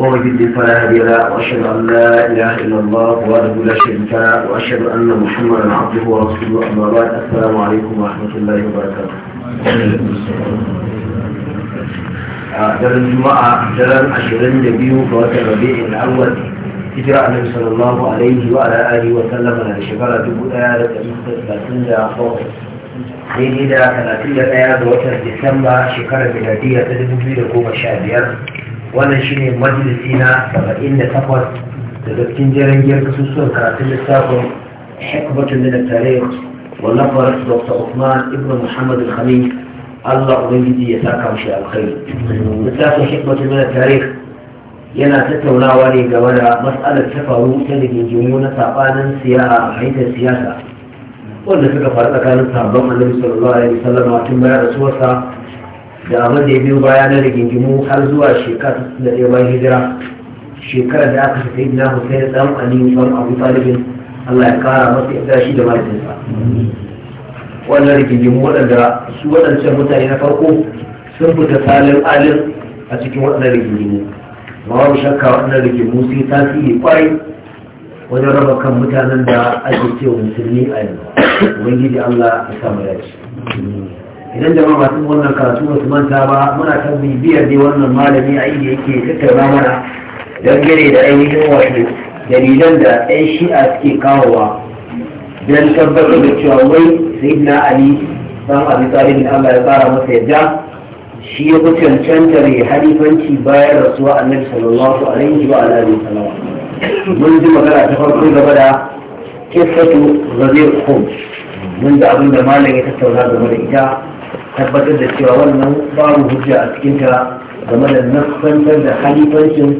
ووجد لي صلاة بلا وأشهد أن لا إله إلا الله وأده لا شركة وأشهد أن محمدا عبده ورسوله أما بعد السلام عليكم ورحمة الله وبركاته دار آه، الجمعة دار عشرين نبيه فوات الربيع الأول كتير النبي صلى الله عليه وعلى آله وسلم على شفرة بؤية لتنفس بسنة أخوه دين إذا كانت آية إلا آيات ديسمبر شكرا بلادية تدفع بلادية wannan shine majalisi na saba'in da takwas daga cikin jiran kasusuwar karatun littafin hikmatun min tarikh wallafar dr usman ibn muhammad al-khamis allah ubangiji ya saka mishi alkhairi littafin hikmatun min tarikh yana tattaunawa ne game da matsalar ta faru ta na sabanin siyasa a haitar siyasa wanda suka faru tsakanin sabon annabi sallallahu alaihi wasallam tun da rasuwarsa da abin da ya biyo baya na rigingimu har zuwa shekara da ɗaya bayan hijira shekarar da aka shafi na hussein dan aliyu dan abu talibin allah ya kara masa yadda shi da mahaifinsa wannan rigingimu waɗanda su waɗancan mutane na farko sun fita salin alin a cikin waɗannan rigingimu ba babu shakka waɗannan rigingimu sun tasiri kwarai wajen raba kan mutanen da ake cewa musulmi a yanzu ubangiji allah ya samu dace idan jama'a masu wannan karatu ba su manta ba muna kan bibiyar ne wannan malami a inda yake tattara mana dangane da ainihin wato dalilan da 'yan shi'a suke kawowa don tabbatar da cewa wai sayyidina ali dan abi talib Allah ya tsara masa yadda shi ya fi cancantar ya halifanci bayan rasuwa annabi sallallahu alaihi wa alihi wasallam mun ji magana ta farko game da kissatu gazir khum mun da abin da malam ya tattauna game da ita tabbatar da cewa wannan babu hujja a cikinta game da nasantar da halifancin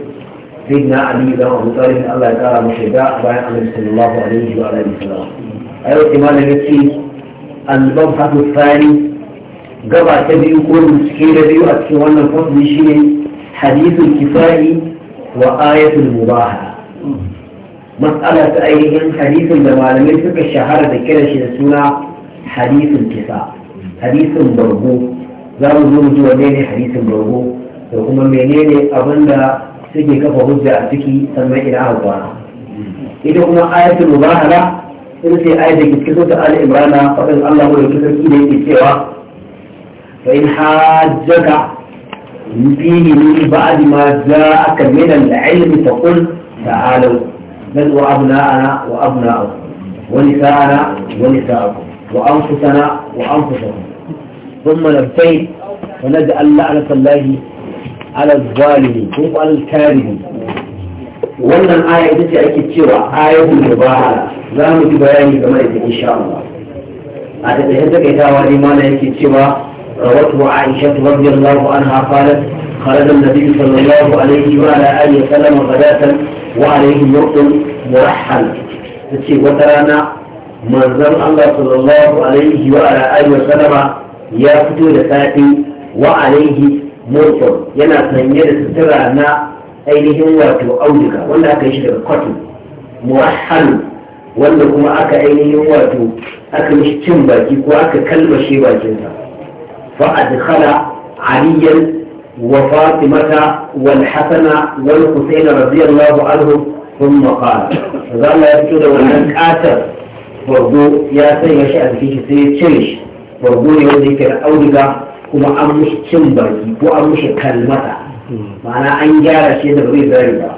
sayyidina ali da abu talib Allah ya kara mu shaida bayan annabi sallallahu alaihi wa alihi wasallam ayo imanin yace al-mabhath al-thani gaba ta biyu ko bincike da biyu a cikin wannan fasli shine hadithul kifai wa ayatul mubaha mas'ala ta ainihin hadithun da malamai suka shahara da kira shi da suna hadithul kifai hadisin bargo za mu zo mu ji wane ne hadisin bargo da kuma menene abin da suke kafa hujja a ciki sannan ina aka kwana ita kuma ayatul mubahala ita ce ayat da ke cikin ta ali imrana fadin Allah mu da sarki da yake cewa fa in hajjaka fihi min ba'di ma ja'aka min al-ilmi fa qul ta'alu nad'u abna'ana wa abna'akum ونساءنا ونساءكم وأنفسنا وأنفسهم ثم نبتين ونجعل لعنة الله على الظالمين كيف على الكاذبين wannan aya ita ce ake cewa ayatul mubahala za mu ji bayani game da ita insha Allah a taƙaice takaitawa ne mana yake cewa rawatu Aisha radiyallahu anha qalat خرج النبي صلى الله عليه وعلى آله وسلم غداة وعليه مرق مرحل تتي وترانا manzon Allah sallallahu alaihi wa ala alihi wasallama ya fito da safi wa alaihi mursal yana sanye da sutura na ainihin wato auduga wanda aka yi shi daga cotton muwahhalu wanda kuma aka ainihin wato aka mishi cin baki ko aka kalmashe bakinsa fa adkhala aliyan وفاطمة والحسن والحسين رضي الله عنهم ثم قال فقال يا سيدي وأنا bargo ya sanya shi a jikin shi sai ya cire shi bargo ne wanda yake da auduga kuma an mushi cin baki ko an mushi kalmata ma'ana an gyara shi da zai zari ba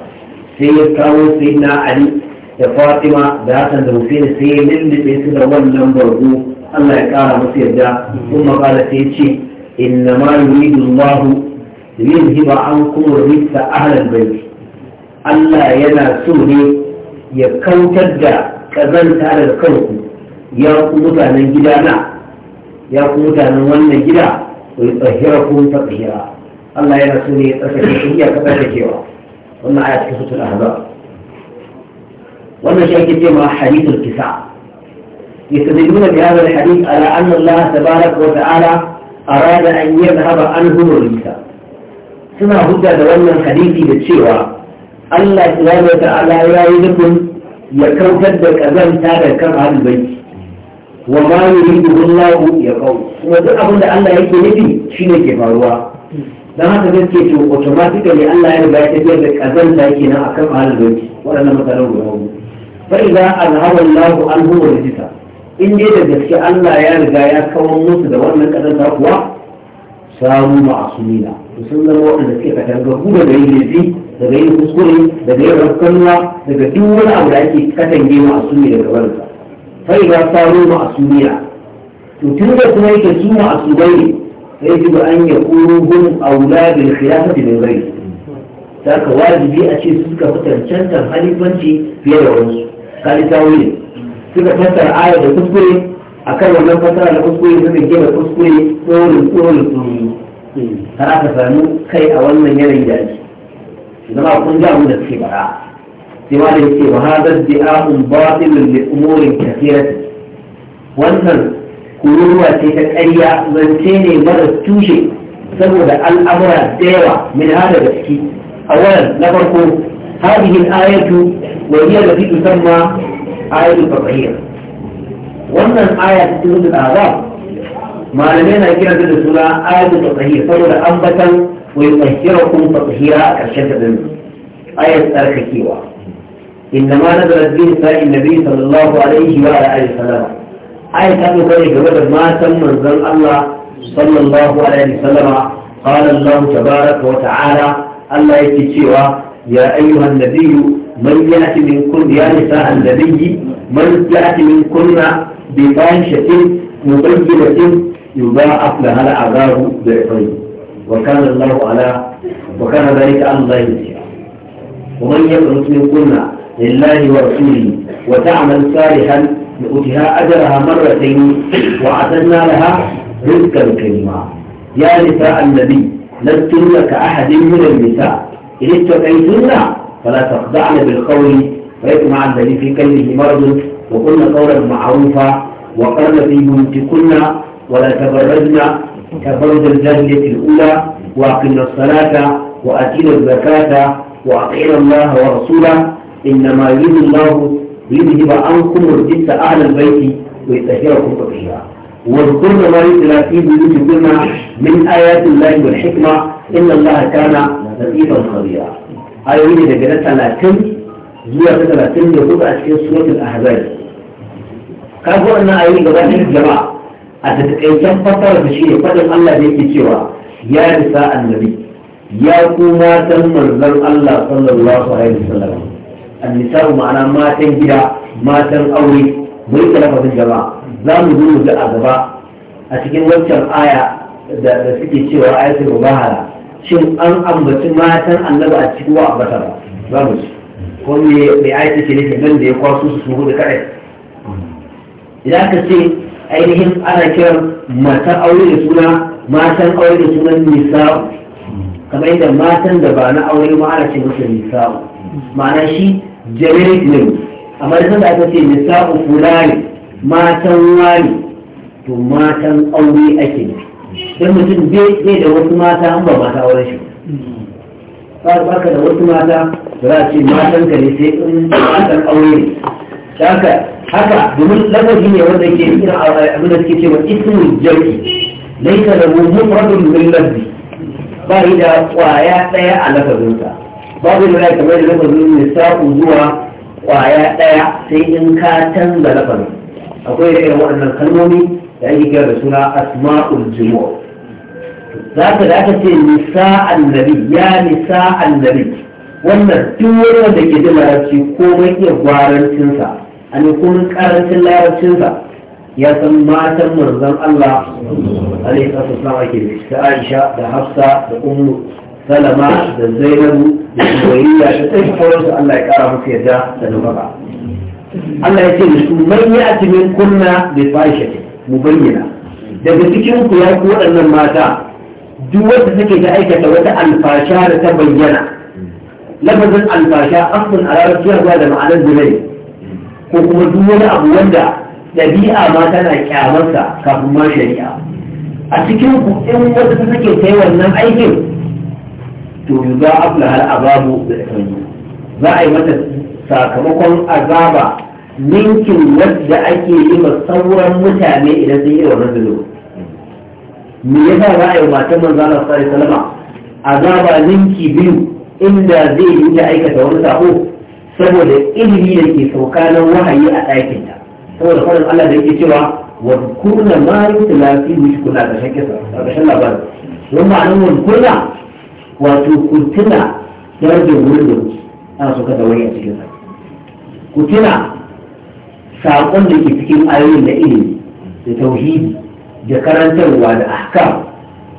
sai ya kawo sai na ali da fatima da hasan da hussein sai ya lullube su da wannan bargo allah ya kara musu yarda kuma kala sai ya ce inna ma yuridu allah yuzhiba ankum rijsa ahlal bayt Allah yana so ne ya kautar da kazanta daga kanku ya ku mutanen gida na ya ku mutanen wannan gida ku tsahira ku ta tsahira Allah yana so ne ya tsarkake shi ya kaɗa cewa wannan aya cikin sutul ahzab wannan shi ake cewa hadithul kisa يستدلون بهذا الحديث على أن الله تبارك وتعالى أراد أن يذهب عنهم الرجس suna hujja da wannan hadisi da cewa Allah subhanahu wa ta'ala ya yi nufin ya kautar da kazanta da kan ahlul baiti wa ma yuridu Allahu ya kau kuma duk abin da Allah yake nufi shine ke faruwa dan haka zai ce to automatically Allah ya riga ya tafiyar da kazanta kenan akan ahlul baiti waɗannan matsalan guda hudu fa idza azhara Allahu anhu wa rijisa in dai da gaske Allah ya riga ya kawar musu da wannan kazanta kuwa samu ma'asumina sun zama waɗanda suke katangagu da gari daga yin kuskure daga yin rafkanwa daga duk wani abu da ake katange ma asumi daga barinsa sai ga saro ma asumiya to tun da kuma yake su ma asubai ne sai ji an ya kuru gun aula bil khilafati min ghairi ta ka wajibi a ce su suka fi cancantar halifanci fiye da wasu kali tawili suka fassara aya da kuskure akan wannan fassara da kuskure suka gina kuskure tsorin tsorin tsorin har aka samu kai a wannan yanayi da ake إنما كن جاءوا من الخبراء سوى لكي وهذا ادعاء باطل لأمور كثيرة وأن كلوة تتأيى من تيني مرض توشي سبب الأمر الدعوة من هذا الشيء أولا نفرق هذه الآية وهي التي تسمى آية التطهير وأنا الآية تسمى الأعراف ما لدينا كلمة الرسول آية التطهير سبب أنبتا ويطهركم تطهيرا كالشدة بالنص آية أركتيوة إنما نزلت الدين نساء النبي صلى الله عليه وعلى آله وسلم آية أبو كريم بدر ما تم نزل الله صلى الله عليه وسلم قال الله تبارك وتعالى الله يتشيوا يا أيها النبي من يأتي من كل يا نساء النبي من يأتي من كل بفاحشة مبينة يضاعف لها العذاب بعطيه وكان الله على وكان ذلك عن الله يسير ومن يقنط منكن لله ورسوله وتعمل صالحا نؤتها أجرها مرتين وأعتدنا لها رزقا كريما يا نساء النبي لستن كأحد من النساء إن اتقيتن فلا تخضعن بالقول فيطمع الذي في قلبه مرض وقلن قولا معروفا وقرن في بيوتكن ولا تبرجن تفرد الجاهلية الأولى وأقمنا الصلاة وأتينا الزكاة وأطعنا الله ورسوله إنما يريد الله ليذهب عنكم الرجس أهل البيت ويطهركم تطهيرا واذكرنا ما يتلى في بيوتكن من آيات الله والحكمة إن الله كان لطيفا خبيرا ayoyi ne daga na talatin zuwa ta talatin سورة hudu a cikin suratul ahzab الجماعة a taƙaicen fasara da faɗin Allah da yake cewa ya nisa annabi ya kuma matan manzon Allah sallallahu alaihi wasallam annisa ma'ana matan gida matan aure mai talafafin jama'a za mu zo da a gaba a cikin wancan aya da suke cewa ayatul mubahara shin an ambaci matan annabi a cikin wa ambata ba za mu ci ko me ayati ce ne nan da ya kwaso su su hudu kadai idan ka ce ainihin ana kiran matan aure da suna matan aure da sunan nisa'u kamar yadda matan da ba na aure ma ana ce musu nisa'u ma'ana shi generic name amma da sanda aka ce nisa'u fulani matan wani to matan aure ake ne don mutum bai da wasu mata an ba mata aure shi ba ka da wasu mata za a ce matan ka ne sai in matan aure ne haka domin lafazi ne wanda yake ina abin da suke cewa ismul jar'i laisa lahu mufradun min lafzi ba yi da kwaya daya a lafazinsa babu yana kamar da lafazin ne sa'u zuwa kwaya daya sai in ka canza lafazin akwai irin waɗannan kalmomi da ake kira da suna asma'ul jumu'a za ka da aka ce nisa annabi ya nisa annabi wannan duk wani wanda ke jin larabci komai iya gwarancinsa أن يكون قارة الله وسنفا يسمى تمر ذن الله عليه الصلاة والسلام عليكم كعائشة لحفصة لأم سلمة لزينب لزويرية شتيش حوز الله يكاره في يدا لنبقى الله يسير من يأتي من كنا بفايشة مبينة دب تكيو كياكو أن الماتا دوات تكي جائكة وتا الفاشارة تبينة لفظ الفاشا أصل على رسول هذا معنى الزبير ko kuma duk wani abu wanda ɗabi'a ma tana ƙyamarsa kafin ma shari'a a cikin ku in wata ta take kai wannan aikin to za a kula har azabu da tsanyi za a yi mata sakamakon azaba ninkin wadda ake yi ma sauran mutane idan sun yi wannan zunubi me yasa za a yi matan manzo Allah sallallahu alaihi wasallam azaba ninki biyu inda zai yi aikata wani sako saboda ilimi da ke sauka na wahayi a ɗakin ta saboda faɗin Allah da ke cewa wa kurna ma mu shi mushkula ga shakisa ga shan labarin don ma'anar wa kurna wato kurtuna darajar wurin da ana so ka da wani a cikin sa tuna saƙon da ke cikin ayoyin da ilimi da tauhidi da karantarwa da ahkam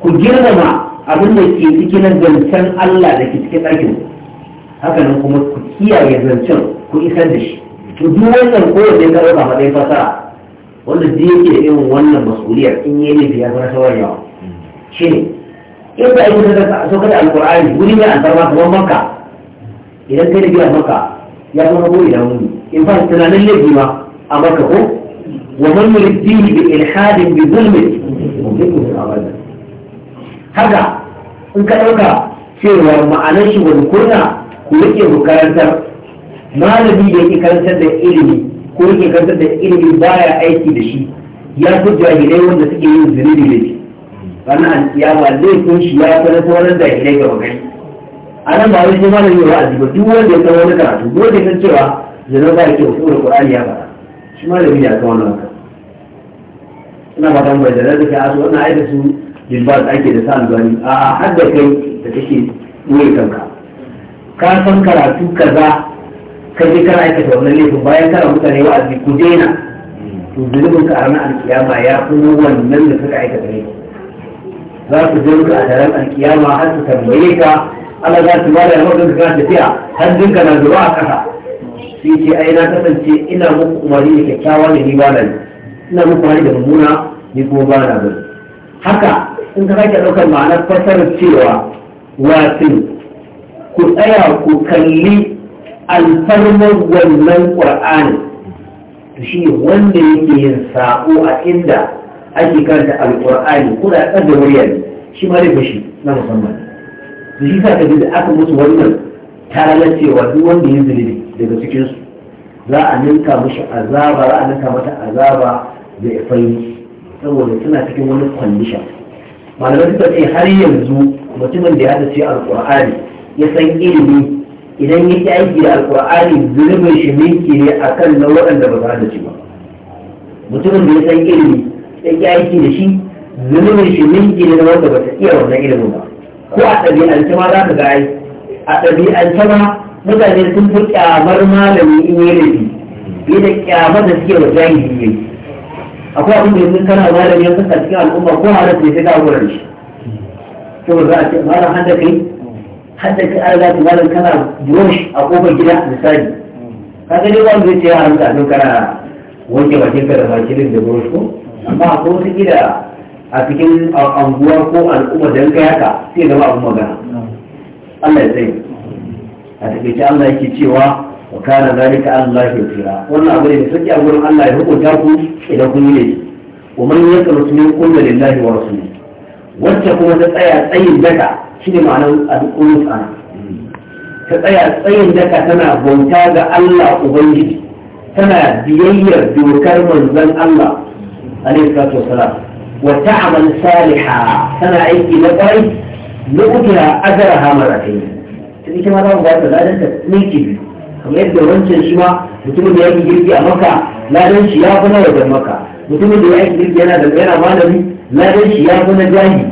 ku girmama abin da ke cikin zancen Allah da ke cikin ɗakin ku haka nan kuma ku kiyaye zancen ku isar da shi to duk wannan kowanne ka raba matsayin fasara wanda duk yake da irin wannan masuliyar in yi laifi ya fara sauran yawa shi ne in ka aiki da saukar da alkur'ani wuri ne alfarma kamar maka idan kai da biya maka ya zama ko idan wuni in fa tunanin laifi ma a maka ko wa man yuridihi bi ilhadin bi zulmin mutum abada haka in ka dauka cewa ma'anar shi wani kurna ku rike karantar malami da yake karantar da ilimi ko yake karantar da ilimi baya aiki da shi ya fi jahilai wanda suke yin zunubi da shi wannan ya ba laifin shi ya fara sauran jahilai gaba gari a nan ba wani shi malami ba a ba duk wanda ya san wani karatu duk wanda ya san cewa zanen ba ya ke wasu da ƙur'ani ya faɗa shi malami ya san wannan haka ina ba dan bai da zai ka asu wannan aida su jilbar ake da sa albani a hadda kai da kake wuri kanka ka san karatu kaza ka je kana aikata wannan laifin bayan kana mutane wa azi ku daina to zunubin ka a ranar alkiyama ya kuma wannan da suka aikata ne za su je ka a daren alkiyama har su tambaye ka Allah za su bada yawan kanka kana tafiya har dinka na zuba a kasa sai ce ai na kasance ina muku umarni da kyakkyawa da ni ba nan ina muku hali da mummuna ni kuma ba na bari haka in ka sake ɗaukar ma'anar fassarar cewa wasin ku tsaya ku kalli alfarmar wannan ƙur'ani to shi wanda yake yin sa'o a inda ake karanta alƙur'ani kuna da muryar shi ma da shi na musamman to shi sa ka da aka mutu wannan talalar cewa duk wanda ya zunubi daga cikinsu za a ninka mashi azaba za a ninka mata azaba da ifai saboda suna cikin wani kwandishan malamai suka ce har yanzu mutumin da ya ce alƙur'ani ya san ilimi idan ya ki aiki da alkur'ani zulubin shi minki ne a kan na waɗanda ba su da shi ba mutumin da ya san ilimi ya ki aiki da shi zulubin shi minki ne na wanda ba ta iya wannan ilimin ba ko a ɗabi'ance ma za ka ga ai a ɗabi'ance ma mutane sun fi ƙyamar malami in yi laifi fiye da ƙyamar da suke wa jahili ne akwai abin da yanzu kana malami ya saka cikin al'umma ko halar ne sai ka wurin shi to za a ce malam hada kai hadda ka an zafi malam kana brush a kofar gida misali ka gani dai wanda zai ce ya hannu kafin kana wanke bakin ka da makilin da brush ko amma a kowace gida a cikin anguwa ko al'umma da yanka yaka sai zama abin magana Allah ya tsaye a takaice Allah yake cewa wa kana zalika Allah ya tura. wannan abu ne da sauki a gurin Allah ya hukunta ku idan kun yi ne wa ya yakrutu min kulli lillahi wa rasulihi wacce kuma ta tsaya tsayin daka shi ne ma'anar alƙunus ana ta tsaya tsayin daka tana bauta ga Allah Ubangiji tana biyayyar dokar manzon Allah alaihi salatu wasalam wa ta'amal saliha tana aiki na ƙwarai na ukira azaraha maratai ta ita ma za mu ba ta ladan ta miki biyu kamar yadda wancan shi ma mutumin da yake girki a maka ladan shi ya fi na wajen maka mutumin da yake girki yana da yana malami ladan shi ya na jahi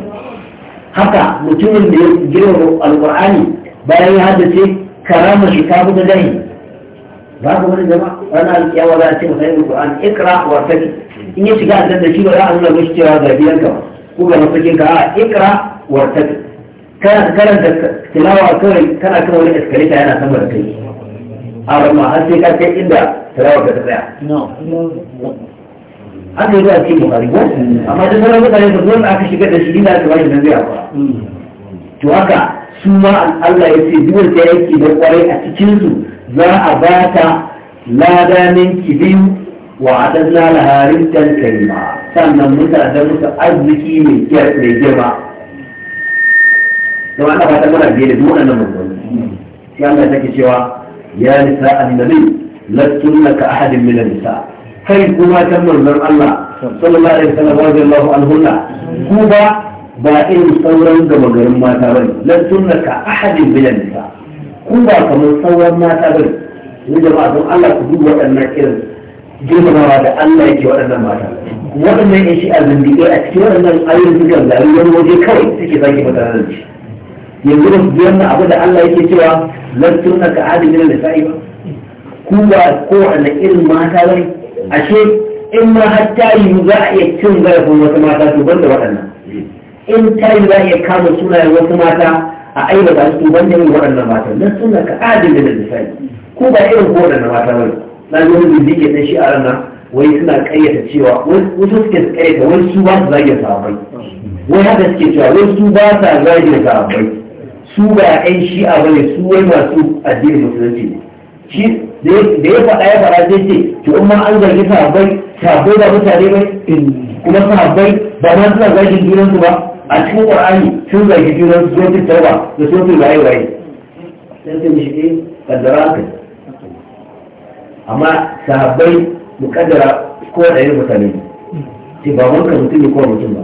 haka mutumin da ya girma alkur'ani bayan ya haddace karama shi ta na jahi ba ka wani jama ranar alkiyawa za a ce masa yin alkur'ani ikra wa saki in ya shiga a da shi ba za a nuna shi cewa ga ka ba ko ga mafakin ka a ikra wa saki kana karanta tilawa kawai kana kan wani eskalita yana sama da kai a rama har sai ka kai inda tilawa ka ta tsaya an yi za a ce bukari ko amma da sauran mutane da zuwan aka shiga da shi ina da bashi nan zai akwara to haka su ma Allah ya ce duk wanda yake da kwarai a cikin su za a ba ta ladanin kibin wa adanna laharin tan kalima sannan mutane da musu arziki mai girma to Allah ba ta mana biye da duk nan mutum sai Allah ya take cewa ya nisa annabi lastunna ka ahadin min nisa kai kuma ta manzon Allah sallallahu alaihi wasallam radiyallahu anhunna ku ba ba in sauran gaba garin mata bane lan sunnaka ahadin bilan nisa ku ba kamar sauran mata bane ni jama'a don Allah ku duba waɗannan irin girmamawa da Allah yake waɗannan mata waɗannan yan shi'a zindiƙai a cikin waɗannan ayoyin suka gari wani waje kawai suke zaki mata da shi yanzu ba su ji wannan abu da Allah yake cewa lan sunnaka ahadin da nisa ba ku ba kowane irin mata bane ashe in ma har ta yi za a iya cin zarafin wasu mata to banda waɗannan in ta yi za a iya kama sunayen wasu mata a aibata su banda yin waɗannan mata na suna ka adin da misali ko ba irin ko waɗannan mata ba na zo wani bincike na shi a ranar wai suna ƙayyata cewa wasu suke ƙayyata wai su ba su zagin sahabbai wai haka suke cewa wai su ba sa zagin sahabbai su ba ƴan shi'a bane su wai masu addinin musulunci ne shi da ya faɗa ya faɗa sai ce to in an zargi sahabbai sahabbai ba mutane ba kuma sahabbai ba ma suna zargin junansu ba a cikin ƙwar'ani sun zargi junansu sun fi tarwa da sun fi waye waye sai sai mishi ke eh, kaddara aka amma sahabbai mu kaddara ko da yin mutane ce ba wanka mutum ne ko mutum ba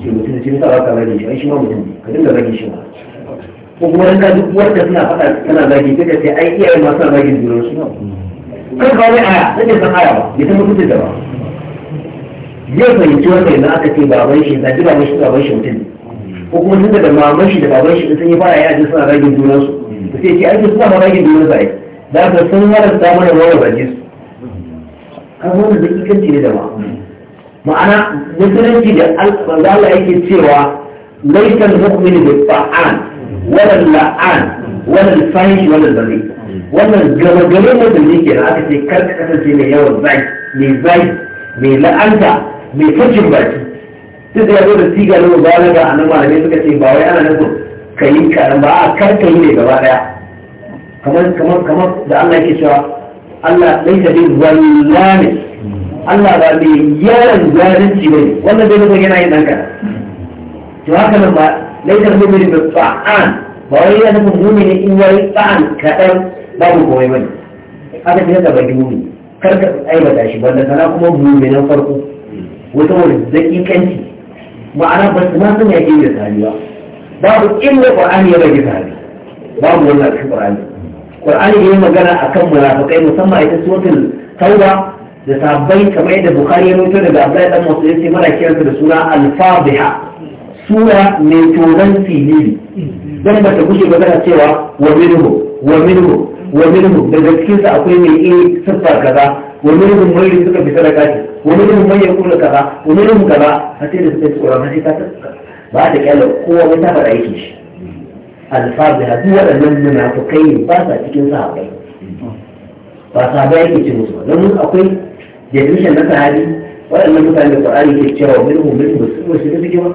ce mutum ne ce ne sa ba ka rage shi ai shi ma mutum ka dinga rage shi ba ko kuma in ka duk wanda suna faɗa tana zagi sai ka ce ai iyaye masu suna zagi junan su kai ba wai aya nake san aya ba bai san mutunci da ba zai fahimci wanda yanzu aka ce baban shi zagi baban shi baban shi mutum ko kuma tun daga maman shi da baban shi sun yi fara yaji suna zagin junan su sai ce ai su suna zagin junan su ai da ka sun haramta mana wani zagi su kan wannan da ikanci ne da ba ma'ana musulunci da Allah yake cewa laifin mu'mini bi ba'an. wala la'an wala fahish wala bari wannan gaba gare ne da yake da aka ce kar ka kasance mai yawan zai mai zai mai la'anta mai fajin baki duk ya zo da siga na mubalaga a nan malamai suka ce ba wai ana nufin ka yi karan ba a kar ka yi ne gaba daya kamar da Allah ke cewa Allah laisa bil zallani Allah ba yawan zalunci bane wannan yin danka to haka nan ba laisa mu'min bi fa'an ba wai yana nufin mu'min in yayi fa'an kadan babu komai bane haka ne da bai kar ka aibata shi wanda kana kuma mu'minan farko wata wani dakikanci ma'ana ba su ma sun yake da sahiwa babu inda qur'ani ya rage sahiwa babu wannan cikin qur'ani qur'ani magana akan munafikai musamman ita suratul tauba da sabbai kamar yadda bukhari ya rawaito daga abdullahi dan mas'ud yace kiransa da suna al sura mai tonon filili don ba ta gushe ba tana cewa wa minhu wa minhu wa minhu daga cikin sa akwai mai iya sassa kaza wa minhu mai yi suka fi sadaka ce wa minhu mai yi kula kaza wa minhu kaza a cikin da suka tsoron mai ta ba ta kyala kowa mai ta fara aiki shi alfabi ha duk waɗannan nuna munafukai ne ba sa cikin kai. ba ba yake ce musu ba. don akwai definition na sahabi waɗannan mutane da Qur'ani ke cewa minhu minhu su ne su ne ba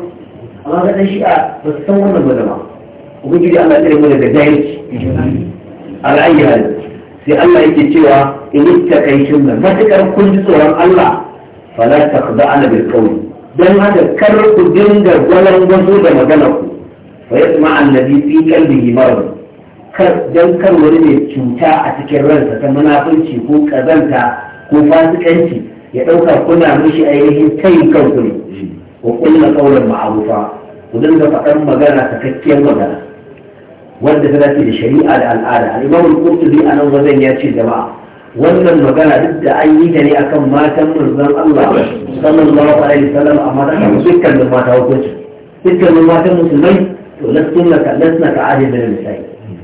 amma ga dan shi'a ba su san wannan ba zama ubangiji Allah ya tsare mu daga jahilci al'ayyi hal sai Allah yake cewa in ittakaitum da matakar kun ji tsoron Allah fala taqda'ana bil qawl dan haka kar ku dinga gwalan gwazo da magana ku fa yasma annabi fi qalbihi marad kar dan kar wani mai cuta a cikin ransa ta munafunci ko kazanta ko fasikanci ya dauka kuna mishi ainihin kai kanku ne wa kulla qawlan ma'rufa ku dinga faɗan magana takakkiyar magana wanda ta dace da shari'a da al'ada al-imam al a nan wajen ya ce jama'a wannan magana duk da an ne akan matan manzon Allah sallallahu alaihi wasallam amma da dukkan mata hukunci dukkan matan musulmai to lasna ka lasna ka ahli da misali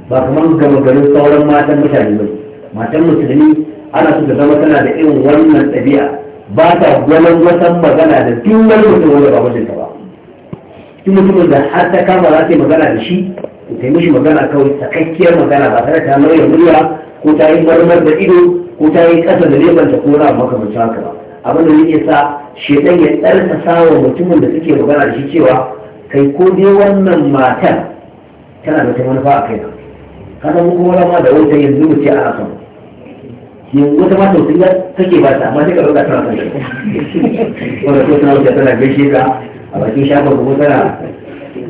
ba kamar gama garin sauran matan mutane matan musulmi ana zama tana da irin wannan ɗabi'a ba ta gwanon wasan magana da duk wani mutum wanda ba mutunta ba duk mutumin da har ta kama za ta yi magana da shi ta yi mishi magana kawai sakakkiyar magana ba tare ta mai murya ko ta yi marmar da ido ko ta yi ƙasa da lebanta ko na makamancin haka ba abin da zai sa shedan ya tsarkasa wa mutumin da suke magana da shi cewa kai ko dai wannan matar tana da ta manufa a kai na kasan mu kuma ma da wata yanzu mu a asan yanzu wata mata sun ga take ba ta amma sai ka roƙa tana son wanda ko tana wuce tana gaishe ka a bakin shafa ko tana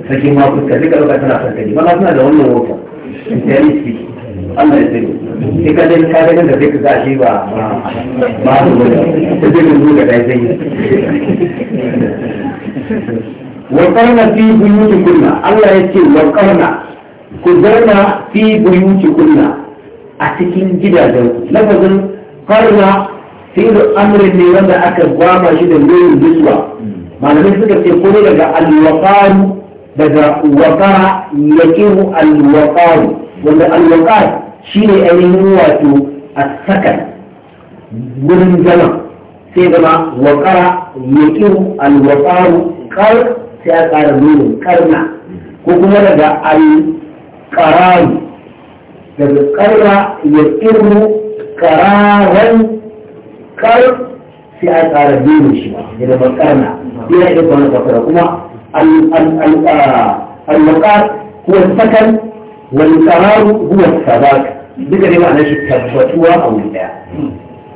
sakin ma fuska sai ka roƙa tana son ka ba suna da wannan wata ya yi ciki Allah ya tsiri sai ka dai ka ganin da sai ka ga shi ba ba su wani ta zai mun da dai zai wa qarna fi kunna Allah ya ce wa qarna ku zauna fi kunna. a cikin gidajen lafazin karna da amrin ne wanda aka gwama shi da wurin biswa malamai suka ce ko daga alwaqaru daga waqara yaqiru alwaqaru wanda shi ne ainihin wato a sakan wurin zama sai zama waqara yaqiru alwaqaru kar sai a ƙara nunin karna ko kuma daga alqararu يذكر يذكره كرارا كر في أثار الدين شما إذا ذكرنا بلا إبقى نفكر كما الوقار هو السكن والقرار هو الثبات بكده معنى تبتوى أو لا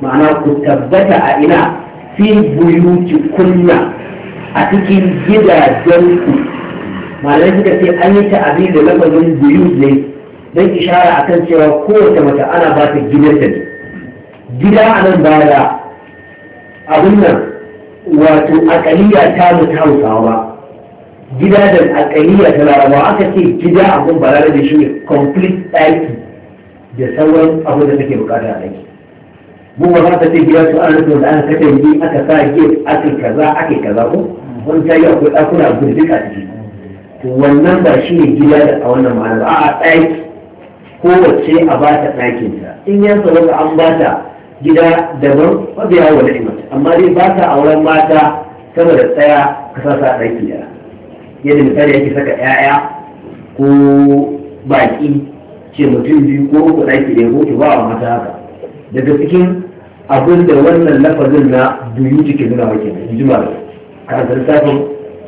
معنى تثبت أئنا في بيوتكن أتكين جدا جنك معنى ذلك أن يتعبير لفظ البيوت ليه don ishara a kan cewa kowace mace ana ba ta gidanta gida a nan ba abin nan wato akaliya ta mutu hausawa gida da akaliya ta larabawa aka ce gida abin ba da shi ne complete ɗaki da sauran abin da take bukata a ɗaki mu ba za ta ce gida su an rufe da aka katange aka sa gate aka kaza aka kaza ko wani ta yi akwai ɗakuna gudu duka ciki to wannan ba shi ne gida da a wannan ma'ana ba a ɗaki kowace a ba ta ɗakinta in ya tsaro ka an ba ta gida daban mabiya wani imanta, amma dai ba ta auren mata sama da tsaya ka sa sa ɗaki da yadda misali yake saka 'ya'ya ko baƙi ce mutum biyu ko uku ɗaki da ko ki ba wa mata haka daga cikin abin da wannan lafazin na duyu cikin nuna wa ka san safin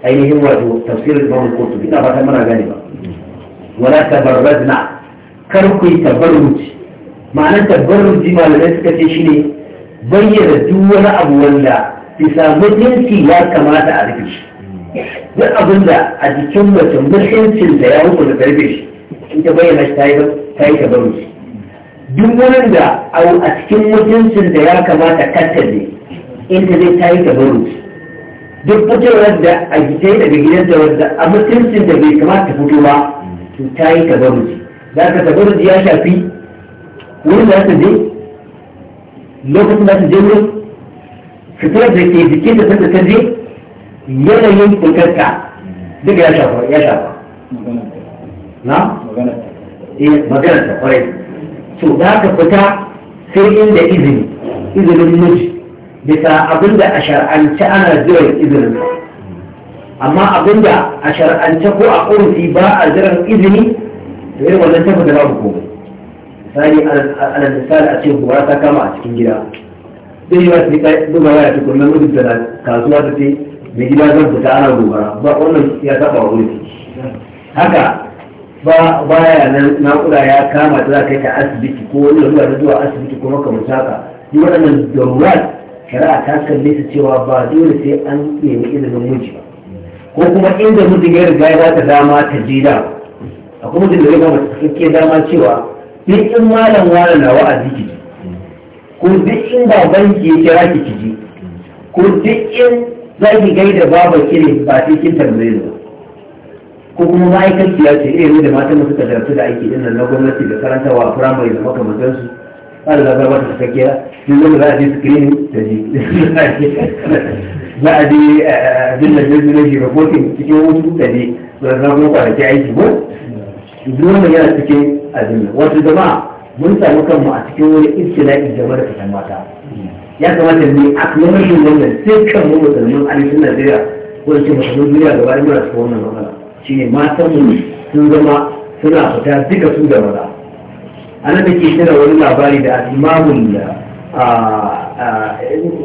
ainihin wato tafsirin imam kotu, ina ba ta mana gane ba wala tabarrazna kar ku yi tabarruci ma'anar tabarruci malamai suka ce shi ne bayyana duk wani abu wanda bisa mutunci ya kamata a rufe shi duk abin da a jikin mace mutuncin da ya hukun da karfe shi in ta bayyana shi ta yi ta yi tabarruci duk wani da a cikin mutuncin da ya kamata kattalle in ta zai ta yi tabarruci duk fitowar da a gita daga gidan da wanda a mutuncin da bai kamata fito ba to ta yi tabarruci ka aka da ya shafi wurin da ta je lokacin da ta je wurin fitar da ke jikin da ta ta je yanayin fitarka duk ya shafa ya shafa na eh, magana ta kwarai so da ka fita sai inda izini izinin miji bisa abinda a shar'ance ana zuwa izinin amma abinda a shar'ance ko a ƙurfi ba a jiran izini to irin wannan da babu komai misali alal misali a ce gobara ta kama a cikin gida zai yi wasu kai duba waya ta kullum da kasuwa ta ce mai gida zan fita ana gobara ba wannan ya saba wa wuri haka ba baya nan nakuda ya kama ta za kai ta asibiti ko wani lalura ta zuwa asibiti ko makamanta ka yi waɗannan darurat shari'a ta kalle su cewa ba dole sai an nemi izinin miji ba ko kuma inda mutum ya riga ya ta dama ta je da a kuma da zai gama cikakke dama cewa duk in malam wani na wa'azi ki ji ko duk in baban ki ya kira ki ki ji ko duk in za ki gaida baba ki ne ba sai kin tambaye ba ko kuma ma'aikaciya ce eh, irin da matan da suka zartu da aiki din nan na gwamnati da karantawa a firamare da makamantansu ba da zagar wata cikakkiya duk wanda za a je screening da ji za a je eh, eh, abin da jirgin da shi rahoton cikin wasu da ne ba za a kuma kwanaki aiki ba dole yana cikin abin wato jama'a mun samu kanmu a cikin wani ibtila'i game da kasan mata ya kamata ne a kuma rashin wannan sai kan mu musulmin arewacin Najeriya ko da ke musulmin duniya gaba ɗaya muna cikin wannan matsala shine matan mu sun zama suna fita duka su da maza anan da ke shirya wani labari da imamun da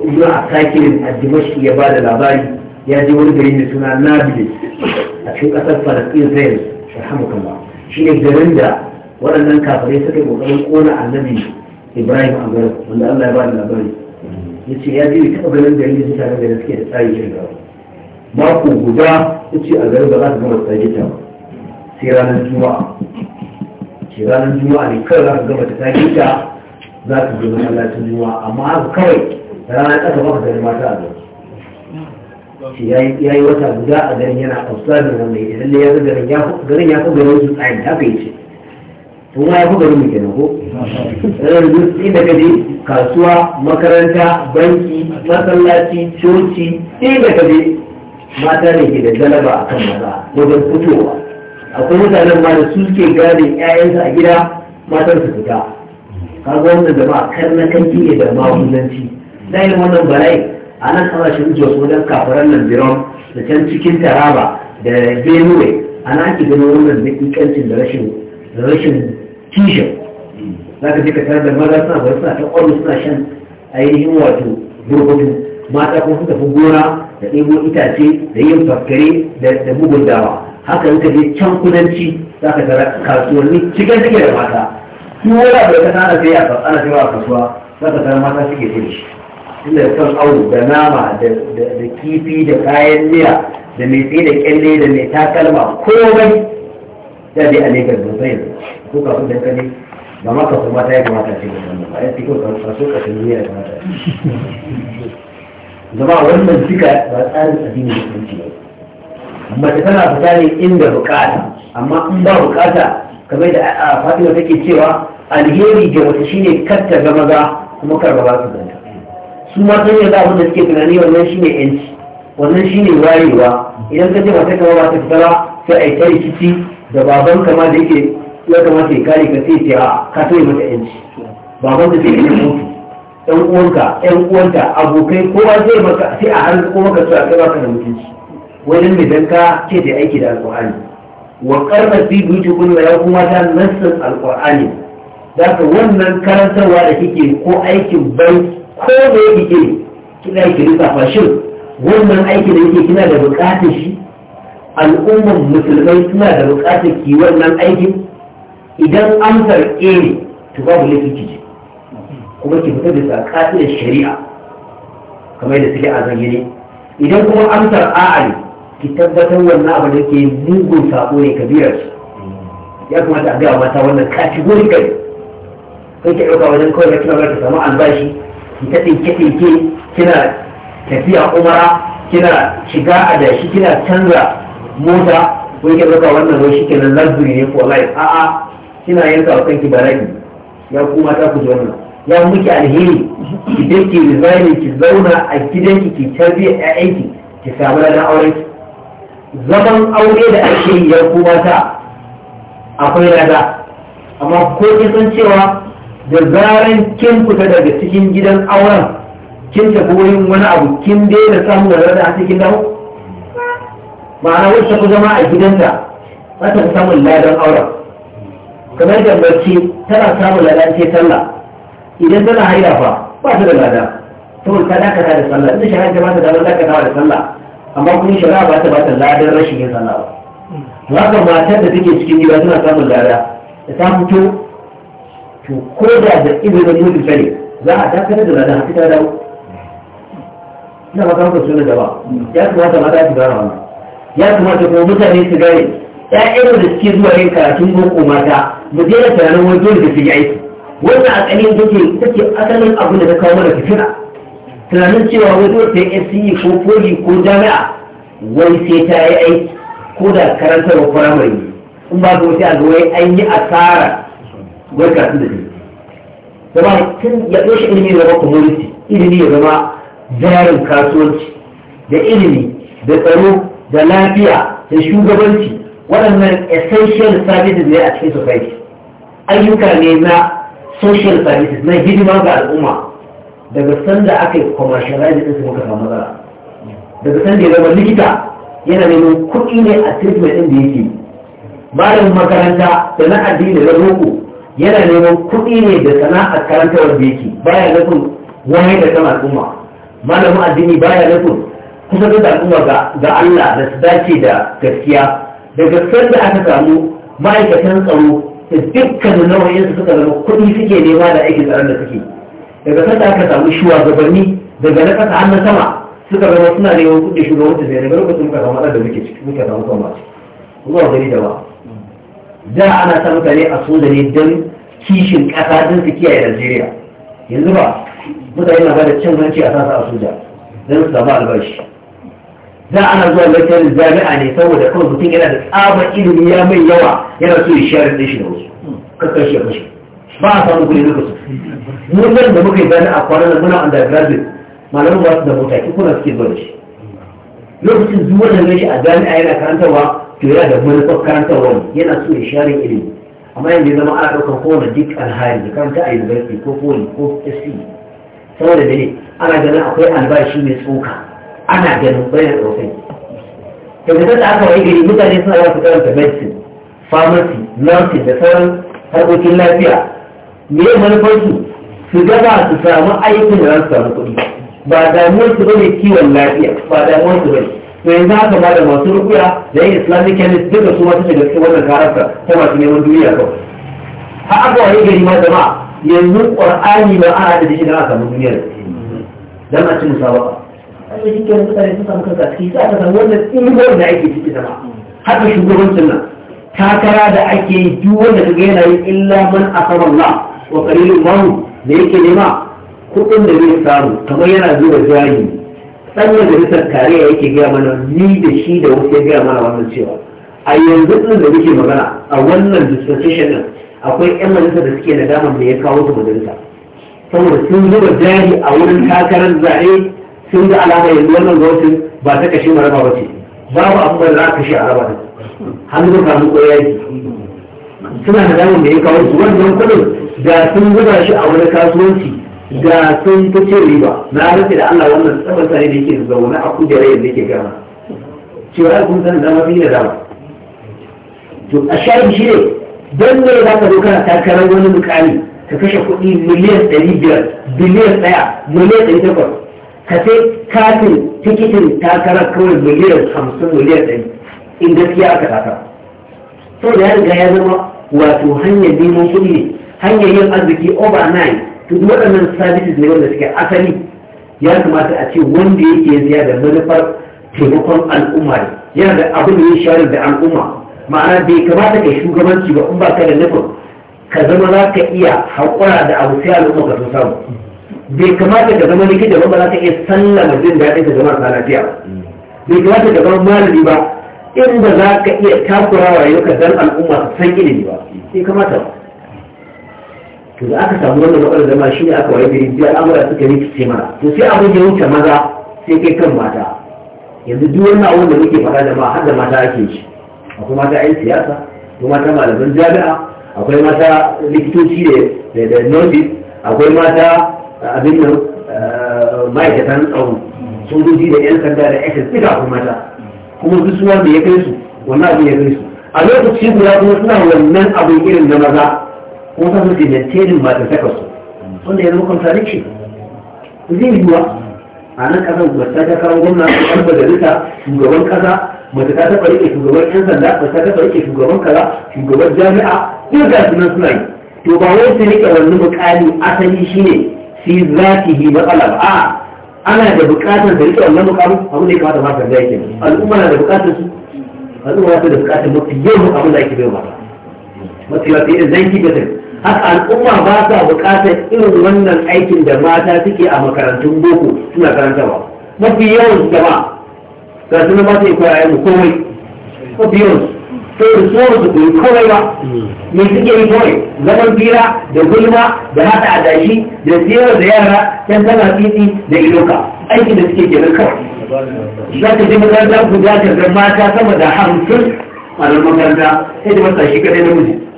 ibn asakirin a dimashi ya ba da labari ya je wani gari mai suna nablus a cikin ƙasar falastin zai rahamukallah shi ne garin da waɗannan kafare suka kokarin kona annabi ibrahim a garin wanda allah ya ba da labari ya ce ya je taɓa ganin garin da mutane da suke da tsari shirka mako guda ya ce a garin ba za su gama tsari ta ba sai ranar juma'a ce ranar juma'a ne kawai za ka gama ta tsari ta za ka je masallacin juma'a amma haka kawai rana ƙasa ba ka gani mata a garin ya yi wata guda a garin yana australian wanda ya lalle ya ga garin ya garin ya fi garin su tsayin haka ya ce to ya fi garin mu kenan ko ranar dutse da kaje kasuwa makaranta banki masallaci coci inda kaje mata ne ke da galaba a kan maza wajen fitowa akwai mutanen ma da su ke gane 'ya'yansu a gida matar su fita kaga wannan jama'a karnakanci ne da magudanci na yin wannan bala'i a nan ana shi wuce wajen kafaran nan biron da can cikin taraba da benue a nan ake ganin wannan dakikancin da rashin da rashin kishin za ka je ka da maza suna bari suna ta ƙwallo suna shan ainihin wato burbutu mata kuma suka fi gona da ɗebo itace da yin fakkare da bugun dawa haka in ka je can kudanci za ka tara kasuwanni cikin suke da mata kuma wani abu da ka tana sai a kasuwa za ka tara mata suke sai shi ina son awu da nama da kifi da kayan miya da mai tsaye da kyalle da mai takalma komai da dai a da zai ko kafin da ka ne ba maka su ta ya kamata ce da wannan ba ya ce kawai kamar so ka tuni ya kamata zama wannan duka ba tsarin addini da kanci ba mace tana fita ne inda bukata amma in ba bukata kamar da a fatima take cewa alheri ga wata shine kar ta ga maza kuma kar ba za su zanta. su ma sun yarda abin da suke tunani wannan shine yanci wannan shine wayewa idan ka ce ba sai kama ba ta fita ba sai a yi ta rikici da baban kama da yake ya kamata ya kare ka sai ce a ka sai mata yanci baban da sai yi mutu ɗan uwanka ɗan uwanta abokai kowa zai maka sai a har ko maka su a kai baka da mutunci wajen mai dan ka ce da aiki da alƙur'ani wa karna fi buci kun ya kuma ta nassar alƙur'ani da ka wannan karantarwa da kike ko aikin banki ko da yake ke kina ki lissafa shin wannan aiki da yake kina da buƙatar shi al'ummar musulmai suna da buƙatar ki wannan aikin idan amsar e ne to babu laifin ki kuma ki fita da tsakanin shari'a kamar yadda suke a zangine idan kuma amsar a'a ne ki tabbatar wannan abu da ke mugun sako ne kabirar ya kamata a gaya mata wannan gori kai kai ki ɗauka wajen kawai na kira ta samu albashi ki ta ɗinke ɗinke kina tafiya umara kina shiga a dashi kina canza mota wai ke zaka wannan wai shi kenan lazuri ne for life a'a kina yanka wa ki barani ya kuma ta ku ji wannan ya muke alheri ki dai ki rizani ki zauna a gidan ki ki tarbiya aiki, ki samu ladan auren zaman aure da ake yi ya kuma ta akwai rada amma ko kin san cewa da zaran kin fita daga cikin gidan auren kin tafi wurin wani abu kin daina samu da rada a cikin dawo ma'ana wacce ku zama a gidanta ba ta fi samun ladan auren kamar da mace tana samun ladan ce sallah idan tana haila fa ba ta da lada saboda ta dakata da sallah inda shari'a ta ba ta damar dakatawa da sallah amma kuma shari'a ba ta ba ta ladan rashin yin sallah ba. Haka matar da take cikin gida tana samun lada da ta fito to ko da da izinin mutu ne za a dakatar da ladan haka ta dawo ina ba kamar da ba, ya kamata mata su gane wannan ya kamata kuma mutane su gane ƴaƴan da suke zuwa yin karatun boko mata mu je da tunanin wani dole da su yi aiki wannan a ƙalin take take asalin abu da ta kawo mana fitina tunanin cewa wai dole ta yi SCE ko poli ko jami'a wai sai ta yi aiki ko da karantarwa firamare in ba ta wuce a ga wai an yi asara wai kasu da ne zama tun ya ɗoshe ilimi ya zama community ilimi ya zama jarin kasuwanci da ilimi da tsaro da lafiya da shugabanci waɗannan essential services ne a cikin society ayyuka ne na social services na hidima ga al'umma daga sanda aka yi commercialize ɗinsu muka samu matsala daga sanda ya zama likita yana neman kuɗi ne a treatment ɗin da yake malam makaranta da na addini na roko yana neman kuɗi ne da sana'a karantarwar wanda yake baya nufin wani da kan al'umma malamin addini baya nufin kusa da al'umma ga Allah da su dace da gaskiya da gaskiyar da aka samu ma'aikatan tsaro da dukkanin nau'in suka zama kuɗi suke nema da aikin tsaron da suke daga sanda aka samu shugabanni daga na kasa hannun sama suka zama suna neman kuɗi shugabanci sai daga lokacin ka samu da muke ciki muka samu kuma ba gani da ba da ana sa mutane a soja ne don kishin ƙasa don su kiyaye najeriya yanzu ba mutane na bada cin hanci a sasa a soja don su samu albashi da ana zuwa lafiyar jami'a ne saboda kawai mutum yana da tsabar ilimi ya mai yawa yana so ya share ɗin shi da wasu kakar shi ya kashe ba a samu kuɗi duka su mun nan da muka yi bayan a kwanan muna undergraduate malamin ba su da mota ki kuna suke zuwa da shi lokacin zuwa da shi a jami'a yana karantarwa to ya da manufar karantarwa wani yana so ya share ilimi amma yanzu zama ana ɗaukar kowane duk alhari da karanta a university ko poli ko sc saboda ne ana ganin akwai albashi mai tsoka ana ganin bayan ɗaukai yanzu da aka wai gari mutane suna yawan su karanta medicine pharmacy nursing da sauran harkokin lafiya me ya manufar su su gaba su samu aikin da za su samu kuɗi ba damuwar su bane kiwon lafiya ba damuwar su bane to yanzu haka ba da masu rukuya da yin islamic chemist da su wata daga cikin wannan karanta ta masu neman duniya kawai har aka wani gari ma jama'a yanzu qur'ani ba ana da shi da aka samu duniyar dan a ci musabaka an yi cikin mutane sun samu kansa ciki sai aka samu wannan ilimin da ake ciki ba. haka shugabancin nan takara da ake yi duk wanda kaga yana yin illa man asaba Allah wa qalilun ma da yake nema kuɗin da zai samu kamar yana zuwa jari dan majalisar tarayya yake gaya mana ni da shi da wasu ya gaya mana wannan cewa a yanzu ɗin da muke magana a wannan dispensation ɗin akwai 'yan majalisar da suke nadama da ya kawo su majalisa saboda sun zuba jari a wurin takarar zaɓe sun ga alama yanzu wannan gwamnatin ba ta kashe maraba ba ce babu abu da za a kashe a raba da hannun kamun koyaki suna nadama da ya kawo su wannan kudin da sun zuba shi a wani kasuwanci da sun fi cin riba na rufe da Allah wannan tsabar sani da yake zaune a kujera yadda yake gama cewa ya kuma sanin dama fiye da dama to a shayin shi ne don ne za ka zo kana takarar wani mukami ka kashe kuɗi miliyan ɗari biyar biliyan ɗaya miliyan ɗari takwas ka sai katin tikitin takarar kawai miliyan hamsin miliyan ɗari in gaskiya aka takara saboda ya riga ya zama wato hanyar neman kuɗi ne hanyar yin arziki overnight duk waɗannan services ne wanda suke asali ya kamata a ce wanda yake siya da manufar taimakon al'umma ne yana da abin da ya share da al'umma ma'ana bai kamata ka shugabanci ba in ba ka da nufin ka zama za ka iya haƙura da abu sai al'umma ka so samu bai kamata ka zama likita ba za ka iya sallama jin daɗin ka zama sa lafiya bai kamata ka zama malami ba in ba za ka iya takurawa yau ka dan al'umma su san ilimi ba bai kamata ba to da aka samu wannan matsalar zama shi ne aka waye gari biya amura suka rikice mana to sai abin ya wuce maza sai kai kan mata yanzu duk wannan abin da muke faɗa da ma har da mata ake shi akwai mata ƴan siyasa akwai mata malaman jami'a akwai mata likitoci da da nurses akwai mata eh, abin nan eh, ma'aikatan tsaro sojoji da ƴan sanda da ss duka akwai mata kuma duk suna da ya kai su wannan abin ya kai su a lokaci guda kuma suna wannan abin irin na maza kuma kan su maintainin matantakarsu wanda ya zama ke zai yiwuwa a nan kasar mace ta kawo gwamna a kan majalisa shugaban kasa mace ta taɓa rike shugaban 'yan sanda mace ta taɓa rike shugaban kaza shugaban jami'a ko ga su nan suna yi to ba wai su rike wani bukali asali shine fi zatihi matsala ba a ana da bukatar da rike wannan mukamin abu ne ya kamata ma da yake al'umma na da bukatar su al'umma na da bukatar mafi yawan abin da ake bai mata mafi yafi da zanki da zai haka al'umma ba sa buƙatar irin wannan aikin da mata suke a makarantun boko suna karantawa mafi yawan jama'a ga suna ba su yi kwaya mu komai mafi yawan sai da tsoron su koyi komai ba me suke yi kawai zaman fira da gulma da haɗa adashi da siyarwa da yara yan sana titi da iloka aikin da suke kenan kawai za ka je makaranta ku za ka ga mata sama da hamsin a makaranta sai da masa shi kadai namiji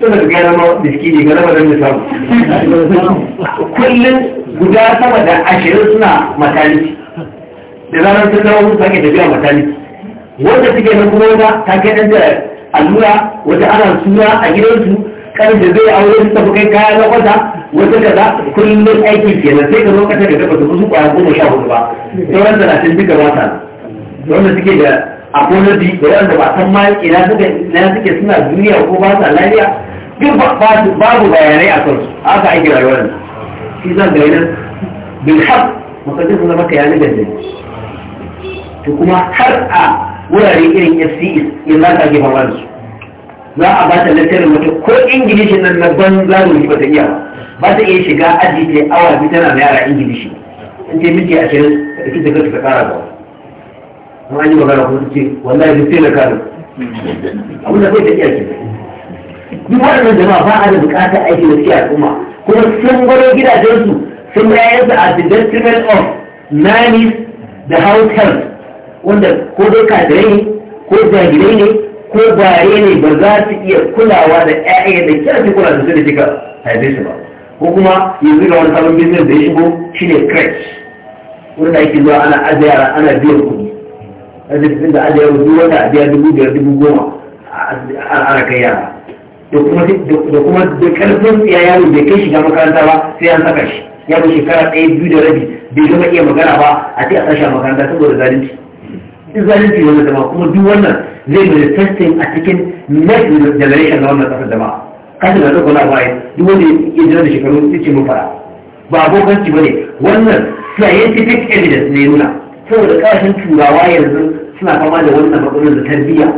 suna da gaya ma miskini ga lamarin da samu kullum guda sama da ashirin suna mataliki da zarar sun dawo sun sake tafiya mataliki wanda suke na kuma wata ta kai ɗan da allura wata ana suna a gidansu kan da zai aure su tafi kai kaya na kwata wata za kullum aiki kenan sai ka zo ka tafi da ba su musu kwaya goma sha hudu ba sauran talatin duka ba sa wanda suke da a gonarbi da yawan da ba san ma ina suke suna duniya ko ba sa lafiya duk ba babu bayanai a kansu aka aiki rayuwar nan shi zan ga yanar bilhaf makasar suna maka yanar da zai to kuma har a wurare irin fcs e, in za ta gefa wani su za a ba ta lantarki mutum ko ingilishin nan na ban zaruri ba ta iya ba ta iya shiga aji awa biyu tana na yara ingilishi in ce miki ashirin da kika ta kara ba kuma an yi magana ko su ce wallahi duk sai na kare abin da kai ta iya ce duk da jama'a ba a da buƙatar aiki da suke al'umma kuma sun gwado gidajensu sun bayar da at the detriment of nannies da household wanda ko dai kadirai ne ko jagirai ne ko bare ne ba za su iya kulawa da 'ya'yan da kyau su kula da su da suka haife su ba ko kuma yanzu ga wani sabon business da ya shigo shine crèche wanda ake zuwa ana ajiye ana biyan kuɗi arzikin da ajiya duk wata ajiya dubu biyar dubu goma a arakan yara da kuma da karfin ya yaro bai kai shiga makaranta ba sai an saka shi yaro shekara ɗaya biyu da rabi bai gama iya magana ba a ce a sashi makaranta saboda zalunci in zalunci wanda zama kuma duk wannan zai manifesting a cikin next generation na wannan kasar jama'a kasar da zai kula ba yi duk wanda ya jira da shekaru su ce mun fara ba abokanci ba ne wannan scientific evidence ne nuna saboda kashin turawa yanzu suna fama da wannan matsalar da tarbiyya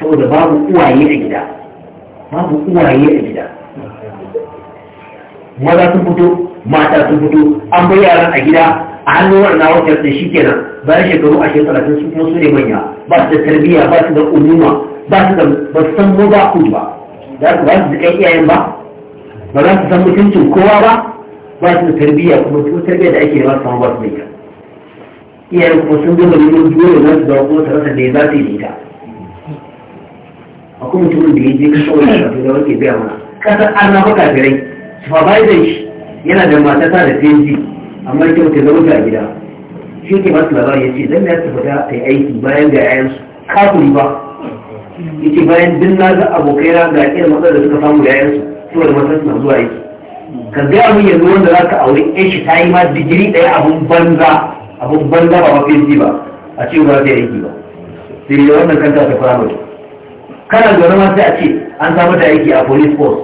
saboda babu uwaye a gida babu uwaye a gida maza sun fito mata sun fito an bai yaran a gida a hannun wannan wajen da shi kenan bayan shekaru ashirin talatin su kuma su ne manya ba su da tarbiyya ba su da umuma ba su da ba su san mu ba ku ba za su ba su da kai iyayen ba ba za su san mutuncin kowa ba ba su da tarbiyya kuma su tarbiyya da ake ba su ba su mai iyayen kuma sun gaba yin dole na su zama kuma sarasa da ya za su yi ita akwai mutumin da ya je kashe wani shafi da wake biya mana kasar arna fa kafirai supervisor shi yana da ta da pnc amma ita wata zama ta gida shi ke masu labari ya ce zan ya tafi da ta yi aiki bayan ga yayansu kafuri ba ya ce bayan duk na ga abokai na ga irin matsalar da suka samu da yayansu saboda matar suna zuwa aiki ka gaya mun yanzu wanda za ka aure yan shi ta yi ma digiri ɗaya abun banza abin ban ba mafi yi ba a ce ba zai aiki ba sai da wannan kanta ta fara firamare kana zaune ma sai a ce an samu da aiki a police force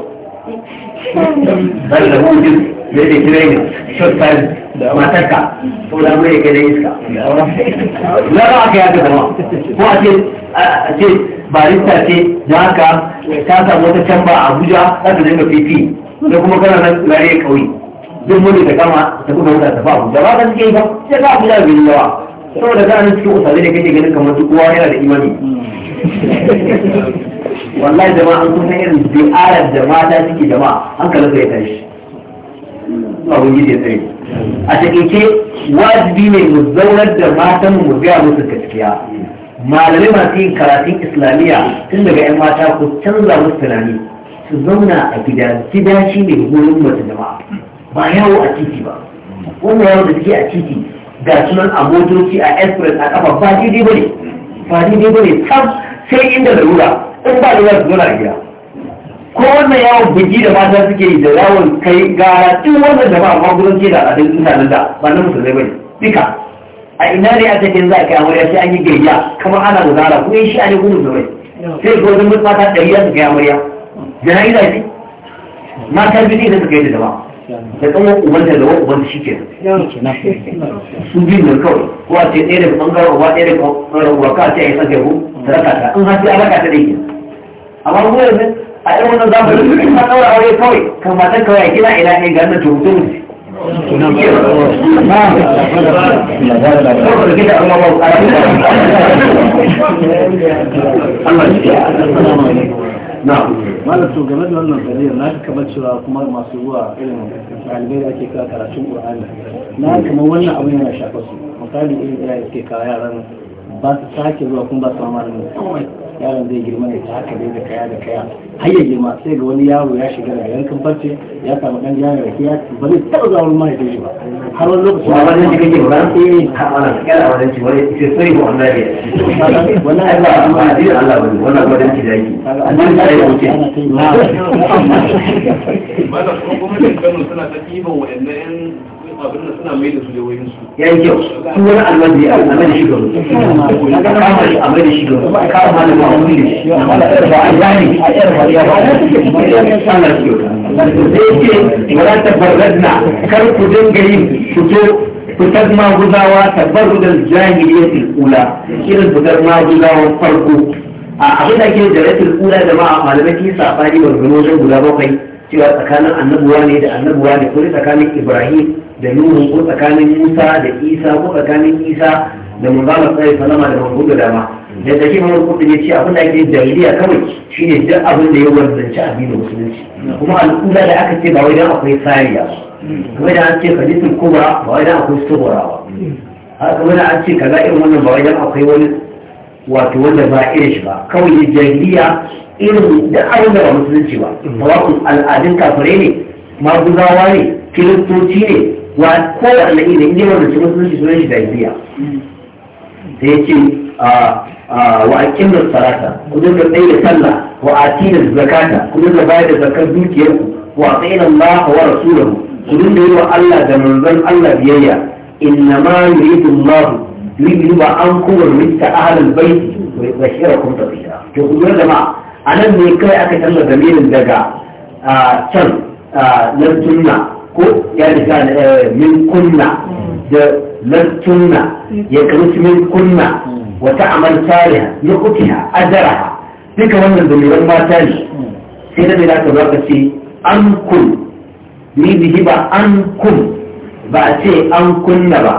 zai da mutum da kira ne short time matarka ko da mai kai da iska ya ba aka yaka zama ko a ce a ce barista ce da aka ta samu wata ba a abuja za ta mafi fifi da kuma kana nan lare kauye duk mulki da kama ta kuma wuta ta babu da ba ta suke ba sai ba ku da bin yawa saboda za a nan cikin usare da kake ganin kamar duk kowa yana da imani wallahi jama'a an kusan irin bi'arar da mata suke jama'a an kala sai ta shi abin gidi ya tsaye a takaice wajibi ne mu zaunar da matan mu ga musu gaskiya malamai masu yin karatun islamiyya tun daga 'yan mata ku canza musu tunani su zauna a gida gida shi ne wurin mace jama'a ba yawo a titi ba wannan yawo da suke a titi ga sunan a motoci a express a kafa ba daidai ba ne ba daidai ba ne tam sai inda rura in ba rura su zauna gida ko wannan yawon bugi da mata suke yi da yawon kai gara duk wannan da ba a magudan ke da al'adun mutanen da ba na musulmai ba ne duka a ina ne a cikin za a kai amarya sai an yi gayya kamar ana gudana kuma shi a ne kuma da bai sai ko mutum mata ɗari ya su kai amarya jana'iza ne mata biyu ne da su kai da dama da kuma ubanta da wani ubanta shi ke su biyu ne kawai ko a ce ɗaya da ɓangaren uwa ɗaya da ɓangaren uwa ka ce a yi sake ku da raka ta in har sai raka ta da amma kuma yanzu a ɗan wannan zamanin in ma ɗaura aure kawai kan matan kawai a kira ina ne ga nan to mutum ne Allah ya malam to game da wannan zariyar na ka kamar cewa kuma masu zuwa irin ɗalibai da ake kawo karatun ƙur'ani na kamar wannan abin yana shafa su misali irin da ke kawo yaran ba su sake zuwa kuma ba su ma malamin komai yaron zai girma ne ta haka dai da kaya da kaya har ya girma sai ga wani yaro ya shiga da yankan farce ya samu dan jami'a da kiya ba zai taɓa zuwa wurin mahaifin shi ba har wani lokaci ba eh. wani shi kake ba eh a wannan kyara wannan ci wani sai sai ko Allah ya wani ba Allah wannan dai yi ba da kuma gwamnatin Kano suna ta abin da suna mai da su da wayin su ya yi kyau su wani almadi a mai da shi gaba a kama shi a mai da shi gaba a kama da ba wani da shi ba a gane a yar ba ya ba ya suke kuma ya yi sana su yau sai ce wala tabarradna kar ku dinga yin fito fitar maguzawa tabarrudar jahiliyatul ula irin fitar maguzawan farko a abin da ke da ratul ula jama'a malamai sabani bargano wajen guda bakwai cewa tsakanin annabuwa ne da annabuwa ne ko tsakanin ibrahim da nuhu ko tsakanin musa da isa ko tsakanin isa da manzana tsaye salama da manzo da dama da take mun kudu ne ce abin da ake jahiliya kawai shine duk abin da ya wanzanci addinin musulunci kuma al'umma da aka ce ba wai dan akwai sariya kuma da an ce hadisul kubra ba wai dan akwai sughra ba kuma da an ce kaza irin wannan ba wai dan akwai wani wato wanda ba irin shi ba kawai jahiliya irin da abin da ba musulunci ba tawakul mm. al'adun kafirai ne maguzawa ne kiristoci ne wa ko da Allah ne inda wanda cikin musulunci sunan shi jahiliya mm. da yake wa aqimna salata ku dinga tsaye da sallah wa atina zakata ku da bayar da zakar dukiyarku wa atina Allah wa rasulahu ku da yi wa Allah da manzon Allah biyayya ma yuridu Allah yuridu ba an kuma rinta ahlul bait wa yashirakum tafsira to ku jama'a a nan ne kai aka canza zamirin daga can lantunna ko ya sa eh, min kunna mm. da lantunna ya karuci min kunna mm. wata amal tariha ya a ajaraha duka wannan zamiran mata ne mm. sai da mai zaka zaka ce an kun ni bihi ba an kun ba a ce an kunna ba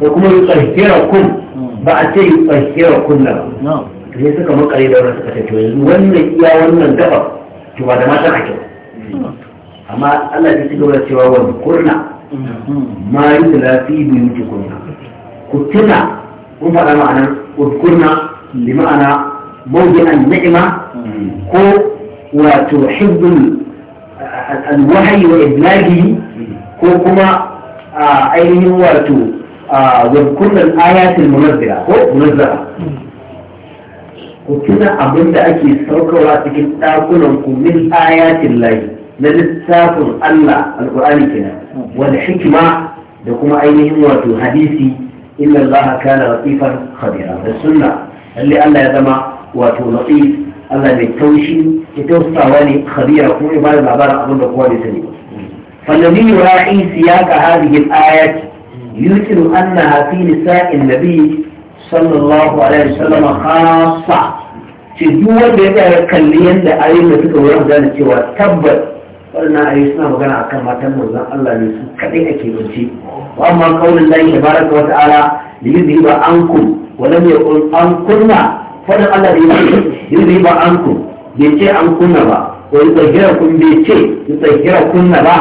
ko kuma yi tsahira kun ba a ce yi tsahira kunna ba sai suka makare da wannan suka tafi yanzu wannan iya wannan dafa to ba da matan ake amma Allah ya ci gaba cewa wani kurna ma yi da lafi biyu ki kurna ku tuna kun faɗa ma'anar kurna lima'ana mawdi'an ni'ima ko wato hibbul alwahyi wa iblaghi ko kuma ainihin wato wa kurna ayatul munazzara ko munazzara ku tuna abin da ake saukarwa cikin ɗakunan ku min ayatin lahi na littafin Allah alƙur'ani kenan wal hikima da kuma ainihin wato hadisi inna Allah kana latifan khabira da sunna lalle Allah ya zama wato latif Allah mai taushi ya tausawa ne khabira kuma ya bada labarin abin da kowa bai sani ba فالذي يراعي سياق هذه الآيات يذكر أنها في نساء النبي sallallahu alaihi wasallam khassa ce duk wanda ya tsaya kalli yadda ayoyin da suka wurin gane cewa tabbas wannan ayoyi suna magana akan matan manzon Allah ne su kadai ake bance wa amma kaulin Allah tabaraka wa ta'ala li yudhiba ankum wa lam yaqul an kunna fadan Allah ne yudhiba ankum bai ce an kunna ba wa yudhira kun bai ce yudhira kunna ba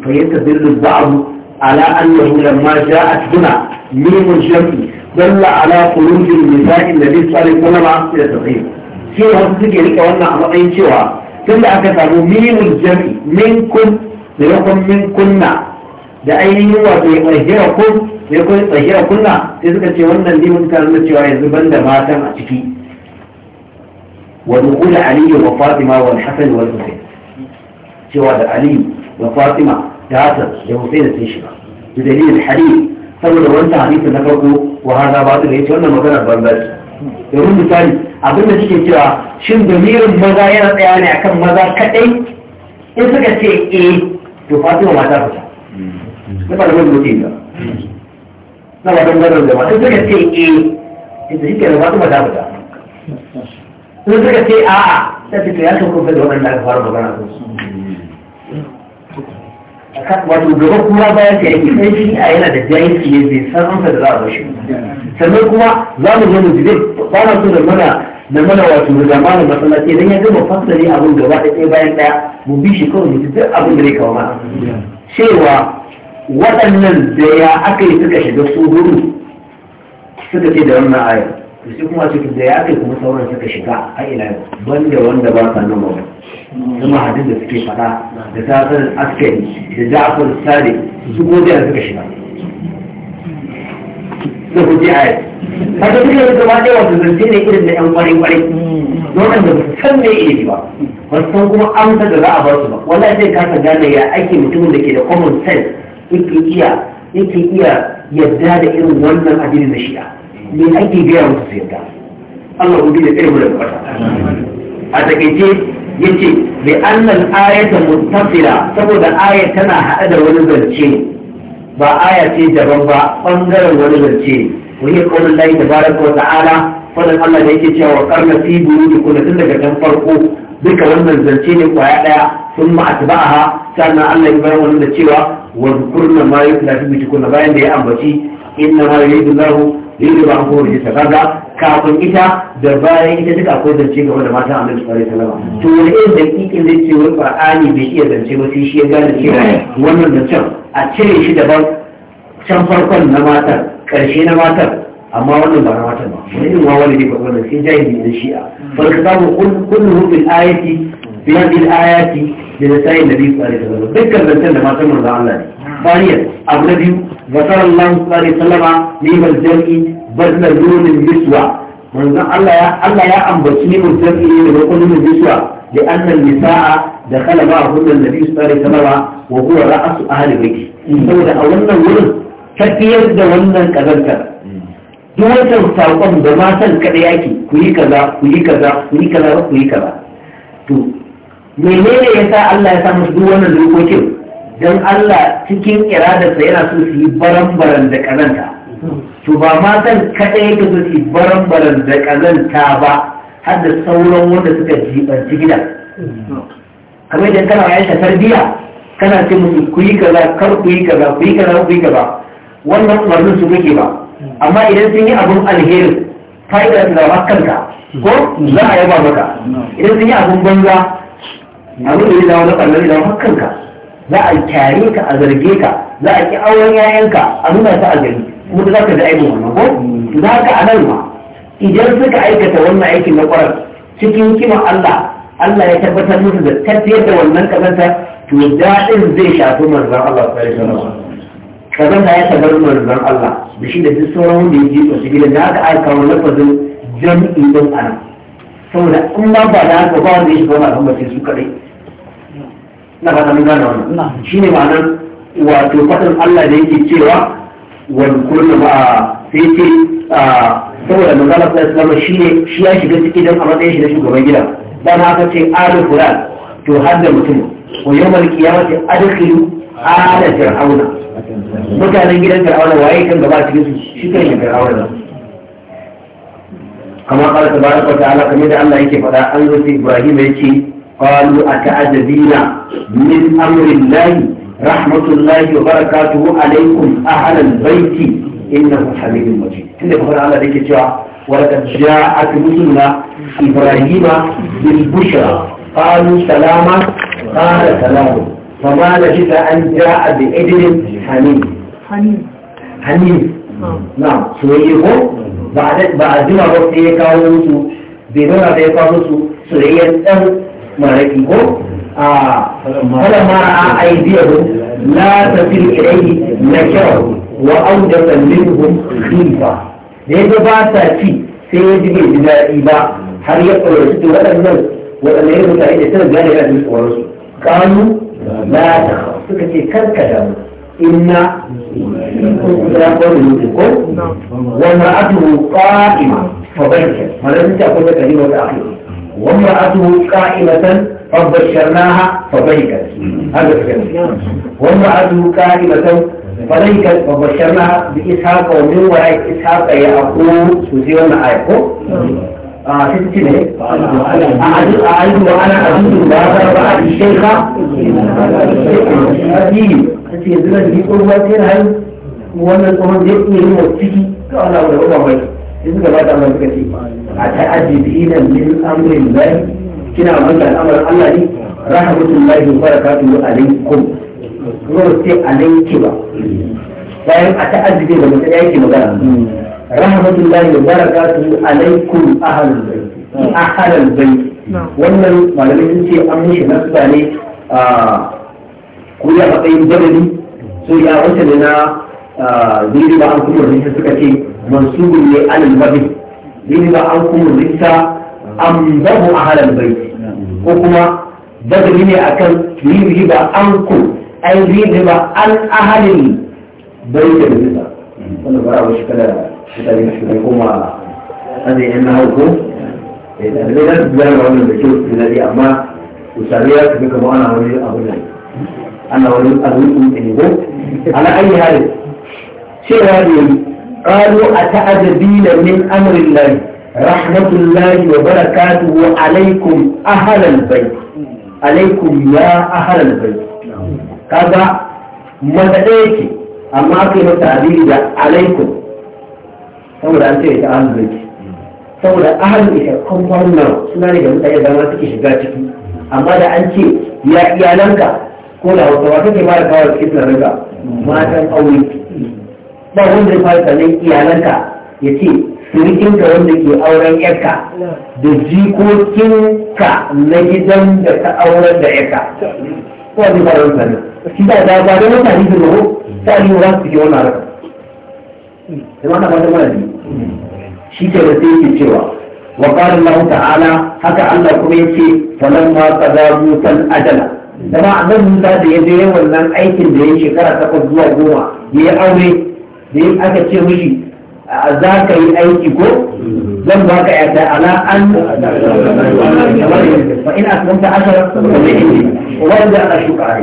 fa yatadillu ba'd ala ma annahu lamma ja'at huna mimul jam'i دل على خروج النساء النبي صلى الله عليه وسلم في هذه الحلقة قلنا على أي شيء كل أكثر رومين الجميع منكم لكم منكن لأي نوع يطهركم يقول الطهيرة كلنا تذكر تيوانا اللي من كان المتوى يزبن ما تم أتكي ودخول علي وفاطمة والحسن والحسين تيوان علي وفاطمة تاتر لحسين التنشرة بدليل الحديث saboda wancan hadisi na farko wa hada ba da yace wannan magana banza ce domin misali abin da suke cewa shin domirin maza yana tsaya ne akan maza kadai in suka ce eh to fatima mata fita na fara mai mutum ba na wajen ganin da mata suka ce eh inda shi ke ba fatima ta fita in suka ce a'a sai ta ya kan kuma da wannan da aka fara magana sosai wato gaba kuma bayan ka yake sai a yana da jahilci ne bai san da za a bashi sannan kuma za mu zo mu ba na so da mana da mana wato da zamanin masallaci don ya gama fasali abin gaba da ɗaya bayan ɗaya mu bi shi kawai mu duk abin da ya kawo mana cewa waɗannan da ya aka yi suka shiga su hudu suka ce da wannan ayar da su kuma cikin da ya kai kuma sauran suka shiga a ila yau banda wanda ba sa nan mawai kuma hadin da suke fada da sasanin askari da ja'afar sare su ko da suka shiga da ku kuji a yau kaga duk da gaba da wasu zance ne irin da yan kwarin-kwarin, kwarai wannan da ba su san me yake ba ba su san kuma amsa da za a ba su ba wallahi sai ka gane ya ake mutumin da ke da common sense yake iya yake iya yadda da irin wannan addinin na shi'a me ake gaya musu su Allah ubi da tsere da kwata a takaice ya ce bi annal ayata muttafila saboda aya tana haɗa da wani zance ba aya ce daban ba ɓangaren wani zance ne wani kaunin layi da baraka wa ta'ala fadan Allah da yake cewa karna fi buru da kuna tun daga kan farko duka wannan zance ne kwaya ɗaya sun ha, sannan Allah ya bayar wani da cewa wa zukurna ma yukla fi bayan da ya ambaci inna ma yuridu Allahu yuridu an kowar jisa kaga kafin ita da bayan ita duka akwai zance game da matan annabi sallallahu alaihi wasallam to wani irin dakikin zai ce wani qur'ani bai iya zance ba sai shi ya gane cewa wannan zancen a cire shi daban can farkon na matar karshe na matar amma wannan ba na matar ba wani irin wawa ne ba wannan sai jahili na shi'a farka samu kullu fil ayati bi hadhihi ayati da sai nabi sallallahu alaihi wasallam dukkan zancen da matan manzo Allah ne ثانيا النبي وصلى الله عليه وسلم نعم الجمع بدل لون النسوة من الله الله يا أنبتي نعم الجمع لون النسوة لأن النساء دخل معهن النبي صلى الله عليه وسلم وهو رأس أهل بيته saboda a wannan wurin tafiyar da wannan kazantar duk wancan saƙon da matan kaɗa كوي ku yi kaza ku yi kaza ku yi menene ya Allah ya sa musu duk wannan dokokin don Allah cikin iradarsa yana so su yi baran-baran da kazanta to ba ma san kaɗai ka so su yi baran-baran da kazanta ba har da sauran wanda suka jibanci gida kamar idan kana ya shi tarbiyya kana ce musu ku yi kaza kar ku yi kaza ku yi kaza ku yi kaza wannan umarnin su kake ba amma idan sun yi abin alheri fa'idar da ba kanka ko za a yaba maka idan sun yi abin banza abin da ya zama na ɓallar da ba kanka za a kyare ka a zarge ka za a ki auren yayanka a nuna ta a gari kuma za ka ji aibin wannan ko za ka a nan ma idan suka aikata wannan aikin na kwarar cikin kima Allah Allah ya tabbatar musu da tafiyar da wannan kazanta to daɗin zai shafi manzon Allah sallallahu kazanta ya tabbatar manzon Allah da shi da duk sauran wanda ya jefa su gida, da aka aika wa lafazin jam'i don ana saboda in ba ba da haka ba wanda ya shiga wannan al'umma sai su kaɗai na fata mun gane wannan shine ma'anar wato fatan Allah da yake cewa wani kullu ba sai ce saboda manzala sallallahu alaihi shi ne shi ya shiga ciki don a matsayin shi na shugaban gida na haka ce ala fulan to har da mutum wa ya mace adkhilu ala fir'auna mutanen gidan fir'auna waye kan gaba su su shi kan fir'auna kama kala tabaraka ta'ala kamar da Allah yake faɗa an zo sai Ibrahim ce قالوا أتعجبين من أمر الله رحمة الله وبركاته عليكم أهل البيت إنه حبيب مجيد إنه بخير على ذلك جاء ولقد جاءت رسلنا إبراهيم بالبشرى قالوا سلاما قال سلام فما لجد أن جاء بإذن حنين حنين نعم سويه بعد بعد ما وقت يكاو بنور يكاو سوريا maraki ko a falamma ra'a aydiyahum la tasil ilayhi nakirahu wa awdata minhum khifa da ya ba sa ci sai ya ji bai ji daɗi ba har ya tsoraci to waɗannan waɗannan ya mutane da sanar gane yana jin tsoronsu kanu la ta suka ce karka damu inna ya kwanu mutu ko wanda wa mar'atuhu qa'ima fa bayyana malamin ta kuma kalima da akhir وامرأته قائمة فبشرناها فبيكت هذا الكلام وامرأته قائمة فبيكت فبشرناها بإسحاق ومن وراء إسحاق يعقوب سوزيون آيكو آه أعلم وأنا أعلم ما ضرب الشيخ أبيه أنت يزرد لي قربة هل وانا الأمر يبني هو السجي قال أولا أولا أولا إذن كما تعمل بكثير أتعجبين من أمر الله كنا عملنا الأمر الله رحمة الله وبركاته عليكم نورتي عليكم bayan a ta'azzabe da mutum yake magana rahmatullahi wa barakatuhu alaikum ahlul bayt ahlul bayt wannan malamai sun ce an mishi nasba ne a kuriya matsayin jabali so ya wata ne na zuri ba an kuma rikin suka ce mansubun ne alal babi يبقى عنكم الرجسة أنبه أهل البيت وكما بدل ne akan riba an ku an riba an ahalin baitin riba wanda ba a shi kada mutane su ne kuma azai yan na hauko da zai da su zama wannan da kyau su nadi amma usari ya su kama ana wani abu ne ana wani abu ne ko ana ayi halin cewa ne قالوا أتعجبين من أمر الله رحمة الله وبركاته عليكم أهل البيت عليكم يا أهل البيت كذا مدعيك أما كيف تعبير عليكم saboda an ce ta saboda ahlul isa compound noun suna ne da mutane da ma suke shiga ciki amma da an ce ya iyalanka ko da hausa wata ke mara kawar matan aure ba wanda ya fara sanin iyalanka ya ce sirikinka wanda ke auren yarka da jikokinka na gidan da ka auren da yarka ko wanda ya fara sanin shi ba da ba da mutane da ruhu ta yi wa su yi wani harin da ma ba da mana ne shi ke da sai ke cewa wa qala Allah ta'ala haka Allah kuma yace falamma qadamu fal ajala da ba annabi Musa da ya je wannan aikin da ya shekara takwas zuwa goma ya yi aure da aka ce mishi za ka yi aiki ko zan ba ka yata ala an fa in aslamta ashara fa min indi wanda ana shuka a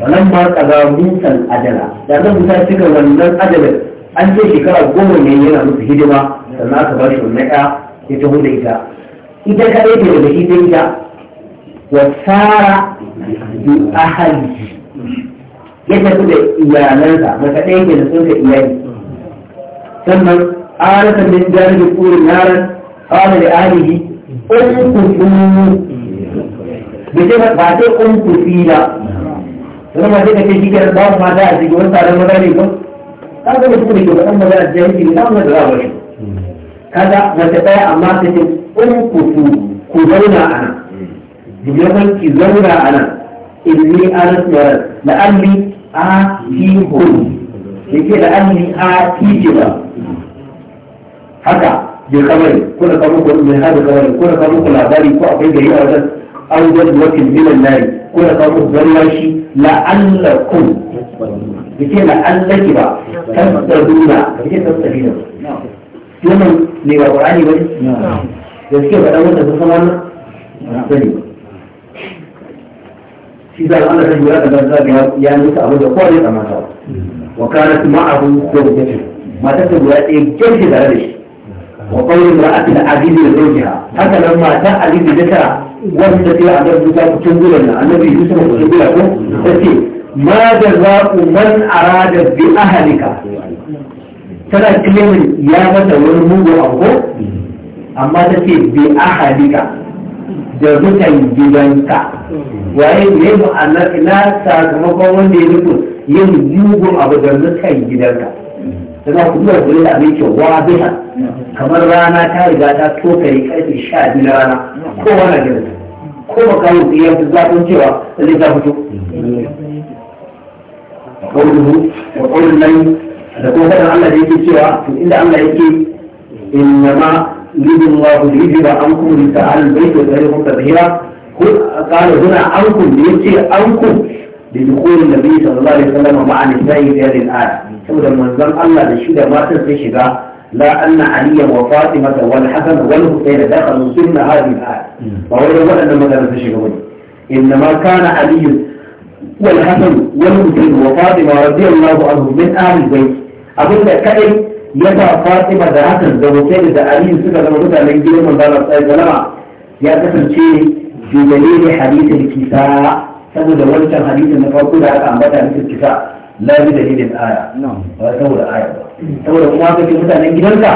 wannan ma kaza musan adala da zan musa cika wannan adalin an ce shekara goma ne yana musu hidima sannan aka ba shi wannan ya ya taho da ita ita kadai ce daga ita ita wa tsara bi ahali ya tafi da iyalansa maka ɗaya ke da sun da iyali sannan arata min jarabi kurin naran kawai da alihi unkufu da ce ba ce unkufi ba sannan ba ce ka ce shi ke babu mata a cikin wani taron maza ne ba ta zama su da ke faɗan maza a jahilci ne samun da za a wani kaga mace ɗaya amma ta ce unkufu ku zauna a nan jimlakon ki zauna a nan inni anas yaran la'alli آتيهم يجي لأني ba, haka ya kamar ko kuna kamar kuɗin mai haɗa kamar ko kuna kamar ku labari ko akwai gari a wajen an zan wakil milan nari kuna kamar zalla shi la'allakum da ke la'allaki ba tasaruna da ke tasarina wannan ne ba ƙwarani ba ne da suke faɗa wanda sun san wannan sani ba shi da Allah zai yi da zaka ya nuka abu da kowa da mata wa kanat da zawjatu mata ta guda ɗaya gefe tare da shi wa qawlu imra'ati al-aziz li zawjiha haka nan mata aziz da ta wanda ta a gaban ta cikin gurin nan annabi Yusuf ko gura ko Ta ce ma da za ku man arada bi ahlika tana kilemin ya mata wani mugu abu amma ta ce bi ahlika da mutan gidansa waye ne ma'anar ina sakamakon wanda ya nufi yin mugun abu da mutan gidansa sana ku zuwa gure da abin kyau wa kamar rana ta riga ta yi karfe sha biyu na rana ko wani gidan ko ba kawo ya fi zafin cewa zai ta fito قوله ko الليل da kuma faɗin Allah da yake cewa to inda Allah yake ma يريد الله ليجب عنكم لسعال البيت وسائرهم تطهيرا قال هنا عنكم ليجي عنكم لدخول النبي صلى الله عليه وسلم مع نساء في هذه الآية سبب المنظم الله لشد ما تنسي لا أن علي وفاطمة والحسن والحسين دخلوا سنة هذه الآية وهو يقول أن ما تنسي شبا إنما كان علي والحسن والحسين وفاطمة رضي الله عنهم من أهل البيت أقول لك كأي yasa Fatima da Hassan da Hussein da Aliyu suka zama mutanen gidan manzo Allah sallallahu ya kasance bi dalilin hadisin kisa saboda wancan hadisin na farko da aka ambata hadisin kisa la bi dalilin aya ba saboda aya ba saboda kuma kake mutanen gidanka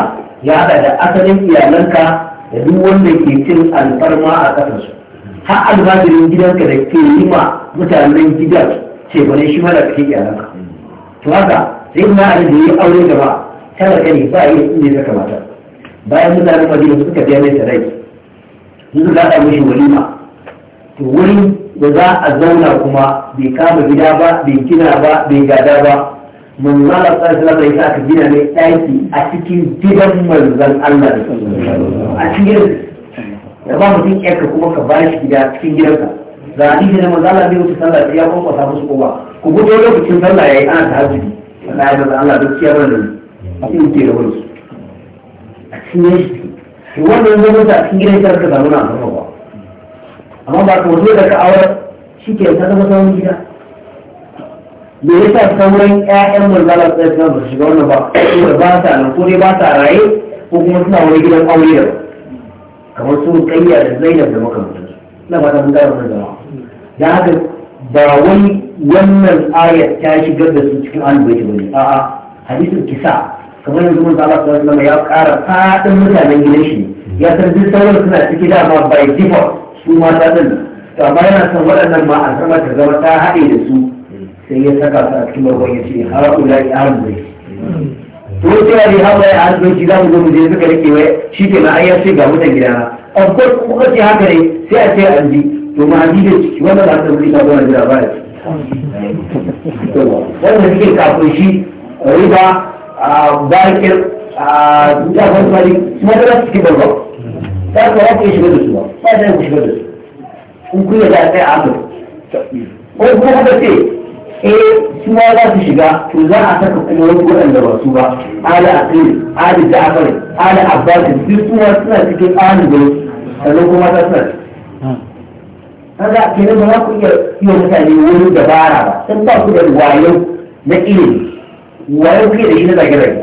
ya hada da asalin iyalanka da duk wanda ke cin alfarma a kasar su. har almajirin gidanka da ke yi ma mutanen gidan ce bane shi mara kake iyalanka to haka sai na da yi aure gaba kana gani ba yi su ne saka mata bayan mutanen madina suka biya mai sarai sun za a mishi walima to wurin da za a zauna kuma bai kama gida ba bai gina ba bai gada ba mun ma da tsari salama sa aka gina mai ɗaki a cikin gidan manzon Allah a cikin da ba mutum yake kuma ka ba shi gida cikin gidanka za a nijina manzon Allah ne wuce sallah ya kwankwasa musu kowa ku gudu lokacin sallah ya yi ana tahajjudi Allah ya da Allah duk ciyar da a cikin ke da wani a cikin yanki to wannan zama da a cikin gidan sarar ka samu na zama ba amma ba ka wato da ka awar shi ke ta zama sauran gida me yasa sauran ƴaƴan manzala da ta ba shiga wannan ba saboda ba sa nan ko dai ba sa raye ko kuma suna wani gidan aure da kamar su kayya da zainab da makamantansu ina ba ta mun gane wannan zama da haka ba wai wannan ayat ta shigar da su cikin albaiti bane a'a hadisin kisa kamar yanzu mun zama sallallahu alaihi ya ƙara faɗin mutanen gidan shi ya san duk sauran suna ciki dama by default su ma ta din to amma yana son waɗannan ma a sama ta zama ta haɗe da su sai ya saka su a cikin barkon ya ce ha'ula ya hamdai to sai ya a ya hamdai za mu zo mu je suka rike wai shi ke na ayyar sai ga mutan gidana of course kuka ce haka ne sai a ce an ji to ma ji da ciki wannan ba ta wuri ka zo na jira ba ya ci wannan shi kafin shi riba bakir ah, jafar ah, mari kuma da su cikin babban ta kuma ya kuwa shiga da su ba ba da ya kuwa shiga da su in kuwa da sai a amur ko kuma haka ce eh suma za su shiga to za a saka kuma wasu waɗanda ba su ba ala asiri ala jafar ala abbasin duk suma suna cikin tsarin da sannan kuma ta suna ciki kaga kenan ba za ku iya yi mutane wani dabara ba sun ba ku da wayo na ilimi wayan kai da shi na zage zage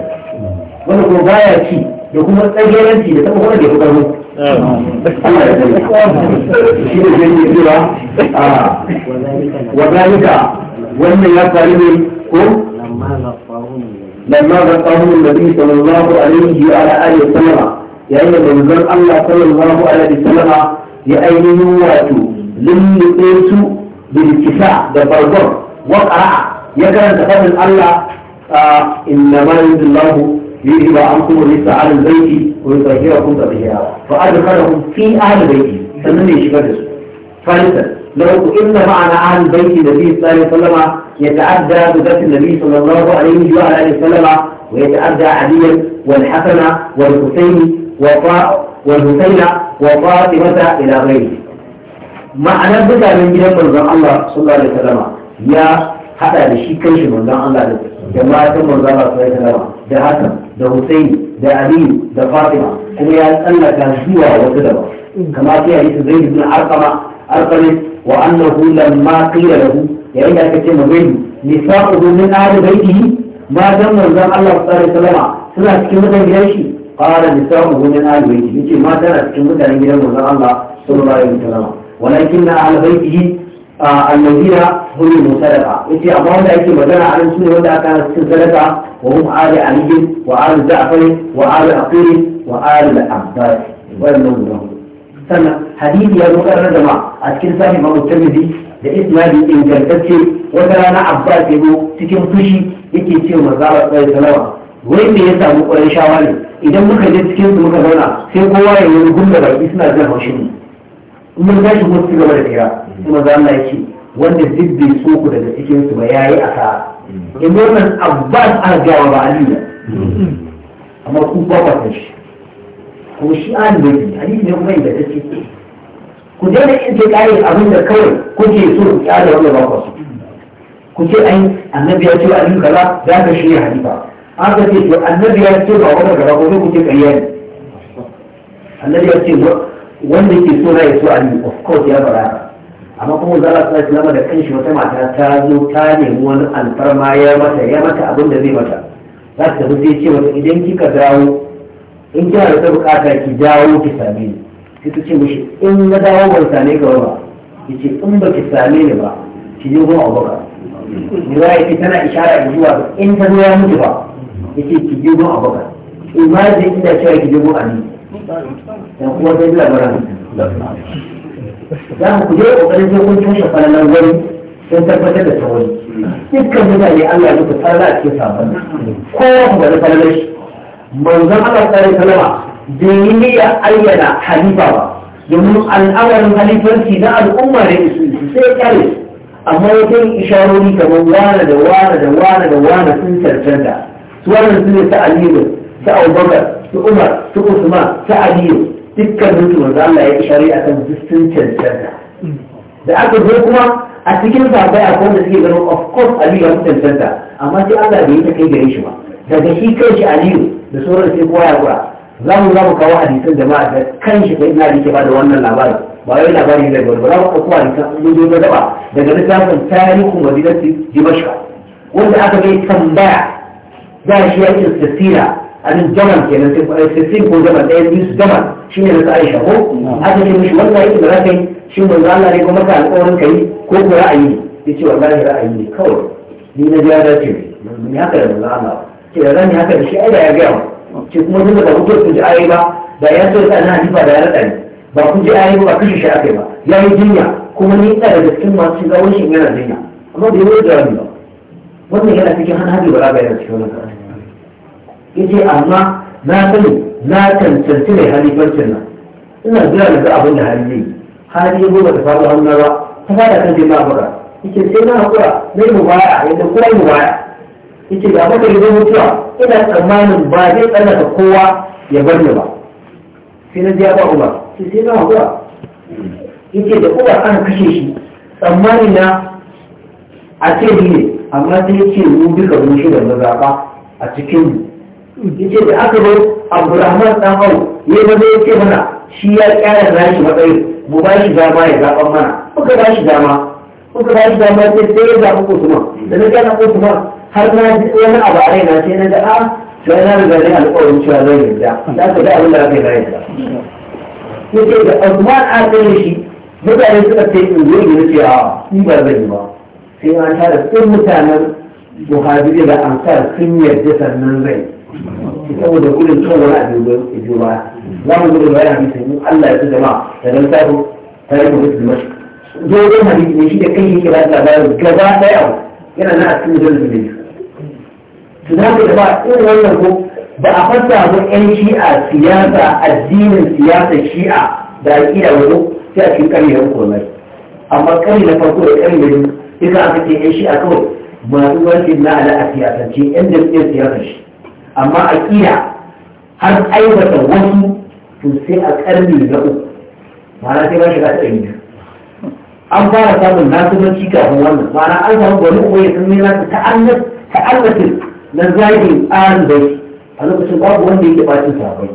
wanda kuma baya ci da kuma tsageranci da taɓa da ya fi ƙarfi shi ne zai yi cewa ah, wa zalika wannan ya faru ne ko لما ذكره النبي صلى الله عليه وعلى آله وسلم يعني من الله صلى الله عليه وسلم يأينه واتو للقيس da ده برضه ya karanta تفهم Allah. آه، إنما يريد الله يذهب عنكم وليس على البيت ويطهركم تطهيرا فأدخلهم في أهل بيتي سنن يشبه ثالثا لو إن معنا أهل البيت النبي صلى الله عليه وسلم يتعدى بذات النبي صلى الله عليه وعلى آله وسلم ويتعدى عليا والحسن والحسين وطاء والحسين وفاطمة إلى غيره بدأ من gidan الله صلى الله عليه وسلم يا حتى da كيش من الله عليه وسلم da matan manzala sai da nama da hasan da husaini da aliyu da fatima kuma ya tsallaka zuwa wata daban kama sai ya yi su zai bin arkama arkamin wa annahu lamma qila lahu yayin da aka ce ma gaibi nisa'uhu min ahli baitihi ma dan manzon Allah sallallahu alaihi wasallam suna cikin mutanen gidan shi qala nisa'uhu min ahli baitihi yace ma tana cikin mutanen gidan manzon Allah sallallahu alaihi wasallam walakin ahli baitihi آه، المدينة هم المسلقة إذا أبوهم لأيك مدنة على السنة ودعا كانت السلقة وهم آل علي وآل زعفر وآل أقير وآل أعباد والنوم نوم سنة حديث يا نوكر رجمع أتكين صاحي ما أتمدي لإسما دي إن جلتكي وترى أنا أعباد يبو تكين فشي إكي تكين مزارة صلى الله وين بيسا مقرشا والي إذا مكجد تكين مكرونا سيقوا وايه ونقوم بقى إسما دي هوشيني kuma za shi kuma gaba da tsira kuma za Allah ya ce wanda duk bai so ku daga cikin su ba yayi asara in wannan abbas an gawa ba aliyu amma ku ba ba shi ko shi an da bi aliyu ne kuma da take ku daina in ce kai abin da kawai kuke so ku tsaya da wannan ba ku ku ce ai annabi ya ce aliyu kaza za ka shirya halifa aka ce to annabi ya ce ba wannan gaba ko ku ce kariya ne annabi ya ce wanda ke so rai so ali of course ya bara amma kuma za a tsaya lama da kanshi wata mata ta zo ta nemi wani alfarma ya mata ya mata abin da zai mata za ta tafi sai ce mata idan kika dawo in kina da ta bukata ki dawo ki same ni sai ta ce mishi in na dawo ban same ka ba ki ce in ba ki same ni ba ki je gun abubakar ya ce tana ishara da zuwa in ta zo ya mutu ba ya ce ki je a baka in ma zai ina cewa ki je a ali yan uwa sai labaran za ku je kokarin sai kun toshe falalar wani sun tabbatar da tawani dukkan ne Allah ya mutu falala a cikin sabon kowa ku bari falalar shi manzon Allah tsare Salama bai yi niyya ayyana halifa ba domin al'amarin halifanci na al'umma ne su sai ya Amma su amma wajen isharori kamar wane da wane da wane da wane sun cancanta su wannan su ne ta aliyu ta abubakar ta umar ta usman ta aliyu dukkan mutu wanda Allah ya ishari a kan sun cancanta da aka zo kuma a cikin sabai a wanda suke ganin of course aliyu ya cancanta amma sai Allah bai yi ta kai gare shi ba daga shi kai shi aliyu da sauran sai kowa ya kura za mu za mu kawo hadisan jama'a da kan shi sai ina da ke bada wannan labarin ba wai labari da gwargwara ba ko hadisan sun zo da daba daga littafin tarihin madinati dimashqa wanda aka bai tambaya da shi yakin tasira abin jamal ke nan sai ko jamal ɗaya biyu su jamal shi ne nasu aisha ko aka ce mishi wannan yake da za ka yi shi manzo Allah ne kuma ka alƙawarin ka yi ko ko ra'ayi ne ya ce wallahi ra'ayi ne kawai ni na biya da ce ni haka da manzo Allah ce da zan yi haka da shi ai da ya gaya ma ce kuma duk da kuke ku ji ayi ba da ya so sai na hadifa da ya rada ni ba ku ji ayi ba kishi shi yi ba ya yi jinya kuma ni ina da cikin masu shiga wani shi yana jinya amma bai yi da ba wannan yana cikin hana hadi ba ga yana cikin wannan yace amma na sani na cancanci mai halifancin nan ina zuwa da za abin da hali zai hali ya ba ta faru hannu ba ta fara kan zai ma'amura yake sai na hakura na yi mubaya yadda kuma yi mubaya yake ga da zama mutuwa ina tsammanin ba zai tsallaka kowa ya bar ni ba sai na jiya ba uba. sai sai na hakura yake da uba an kashe shi tsammani na a ce ne amma sai ce mu duka mun shi da mazaɓa a cikin yake da aka zo abdurrahman dan hau ya zama ya ce mana shi ya kyara na shi matsayi mu ba shi dama ya zaɓan mana muka ba shi dama muka ba shi dama sai sai ya zaɓi usman da na kyara usman har na ji wani abu a raina sai na ga a ah, sai na riga ne alƙawarin cewa zai yi da za ka da abin da aka yi da ya ce da usman a tsaye shi mutane suka ce in zo na ce a in ah, ba zai yi ba sai an tara tsin mutanen buhari da ansar sun yarda sannan zai saboda gudun kan wani abu da ke biyo baya za mu gudun bayan hadisi mu Allah ya fi jama'a da nan tafi tare da mutum mashi dogon hadisi ne shi da kai yake ba da labarin gaba ɗaya abu yana na a cikin jirgin ne su za ka jama'a in wannan ko ba a fasa mu yan shi'a siyasa addinin siyasa shi'a da a aƙida wato sai a cikin ƙarni na uku amma ƙarni na farko da ƙarni na biyu duka aka ce yan shi'a kawai masu wankin na ala a siyasance yan jam'iyyar siyasa shi amma a aƙida har aibata wasu to sai a ƙarni na uku ma'ana sai ba shi za ta ɗari an fara samun nasibanci kafin wannan ma'ana an samu gwani kuma ya san ne na ta'allatin na zagin tsarin bai a lokacin babu wanda yake bacin sabai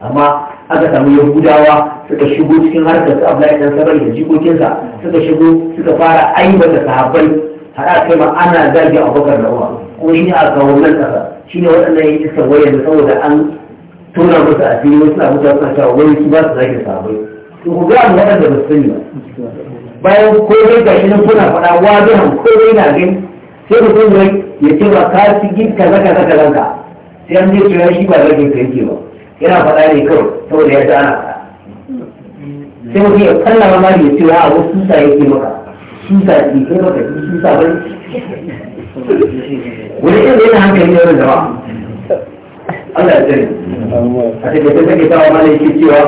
amma aka samu yahudawa suka shigo cikin harkar su abdullahi dan sabai da jikokinsa suka shigo suka fara aibata sahabbai har aka kai ma ana zagi abubakar da uwa kuma shi ne a kawo nan kasa shi ne waɗannan yi kisan wayan saboda an tona musu a fili wasu abubuwa suna cewa wani su ba su zage sabai to ku ga mu waɗanda ba su sani ba bayan komai ga shi na kuna faɗa wajen komai na gani sai mutum zai ya ce ba ka ci gid ka zaka zaka ka sai an je cewa shi ba zage ka yake ba yana faɗa ne kawai saboda ya ji ana faɗa sai mutum ya kalla ma ya ce wa abu susa yake maka susa ke kai maka susa bai wani irin yana hankali ne wani jama'a Allah ya tsari a cikin take tawa mana yake cewa a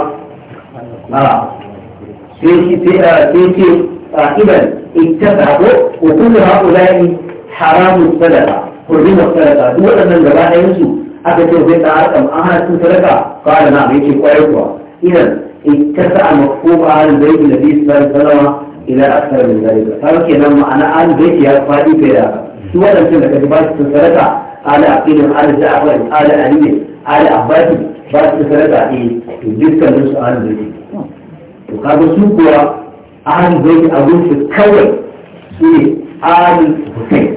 ah, ah, sai ce a ah, idan ittaba ko wa kullu haula'i haramun sadaqa hurrimat sadaqa duk waɗannan gaba ɗayan su aka ce zai ta harkar an hana su sadaka kawai na mai ce kwayar kuwa idan اتسع مفهوم آل البيت النبي صلى الله عليه وسلم إلى أكثر من ta فهو كنا معنى آل البيت يا فادي في ذلك سؤال كما تبقى تسلطة على عقيدة على زعفان على أهلية على أحباتي بقى تسلطة إيه تجدك النص أهل بيتي وقال رسوك هو أهل بيت أبوك في الكوي سوري أهل حسين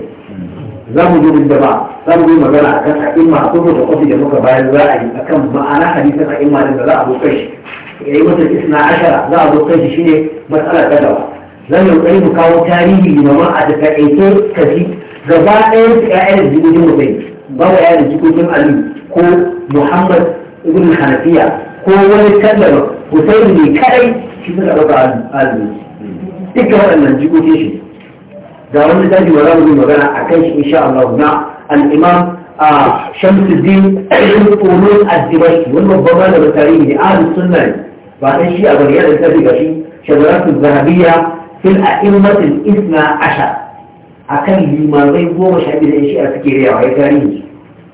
زم جو بالدباء زم جو مدلع كان حكيم مع طفل وقفي جمعك بايل رائعي أكم معنا حديثة إما لنبلاء أبو قيش يعني مثل إثنى عشرة لا أبو قيش شيني مسألة كدوة لم يقيم كاو تاريخي لما أتفعيته كثير gaba ɗaya su ƴaƴan jikokin mutai ba wa ƴaƴan jikokin ali ko muhammad ibn hanafiya ko wani kallon hussein ne kadai shi suka ɗauka azumi duka waɗannan jikokin shi ga wani daji wa zamu yi magana a kan shi insha Allah na al-imam Shamsuddin Ibn Qulun ad-Dimashqi wani babban malamin tarihi ne ahlus sunna ne ba dan shi a bari yana tafi ga shi shadaratul zahabiyya fil a'immatil isna ashar akan limamai goma sha biyu da shi a suke rayawa ya tarihi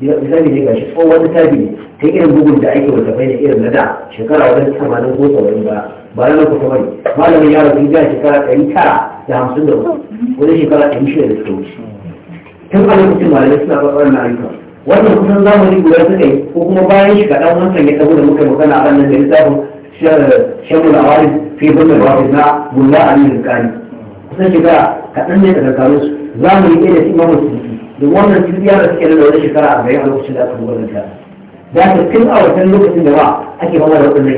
misali ne gashi tsohon wani tabi ta irin bugun da ake wata bai da irin na da shekara wajen samanin ko sauran ba ba na ku ta bari malamin yaro sun ja shekara ɗari tara da hamsin da uku wani shekara ɗari shida da suka wuce tun a lokacin malamai suna ɓarɓar na ayyuka wannan kusan zamani guda suka yi ko kuma bayan shi kaɗan wancan ya tabo da muka magana a nan da littafin shamul awarin fi bullar wafis na mulla aliyu kani kusan shekara kaɗan ne daga karo su za mu riƙe da imam musulmi da wannan duniya da suke da wani shekara arba'in a lokacin da aka buga da ta da ka tun a wancan lokacin da ba ake fama da waɗannan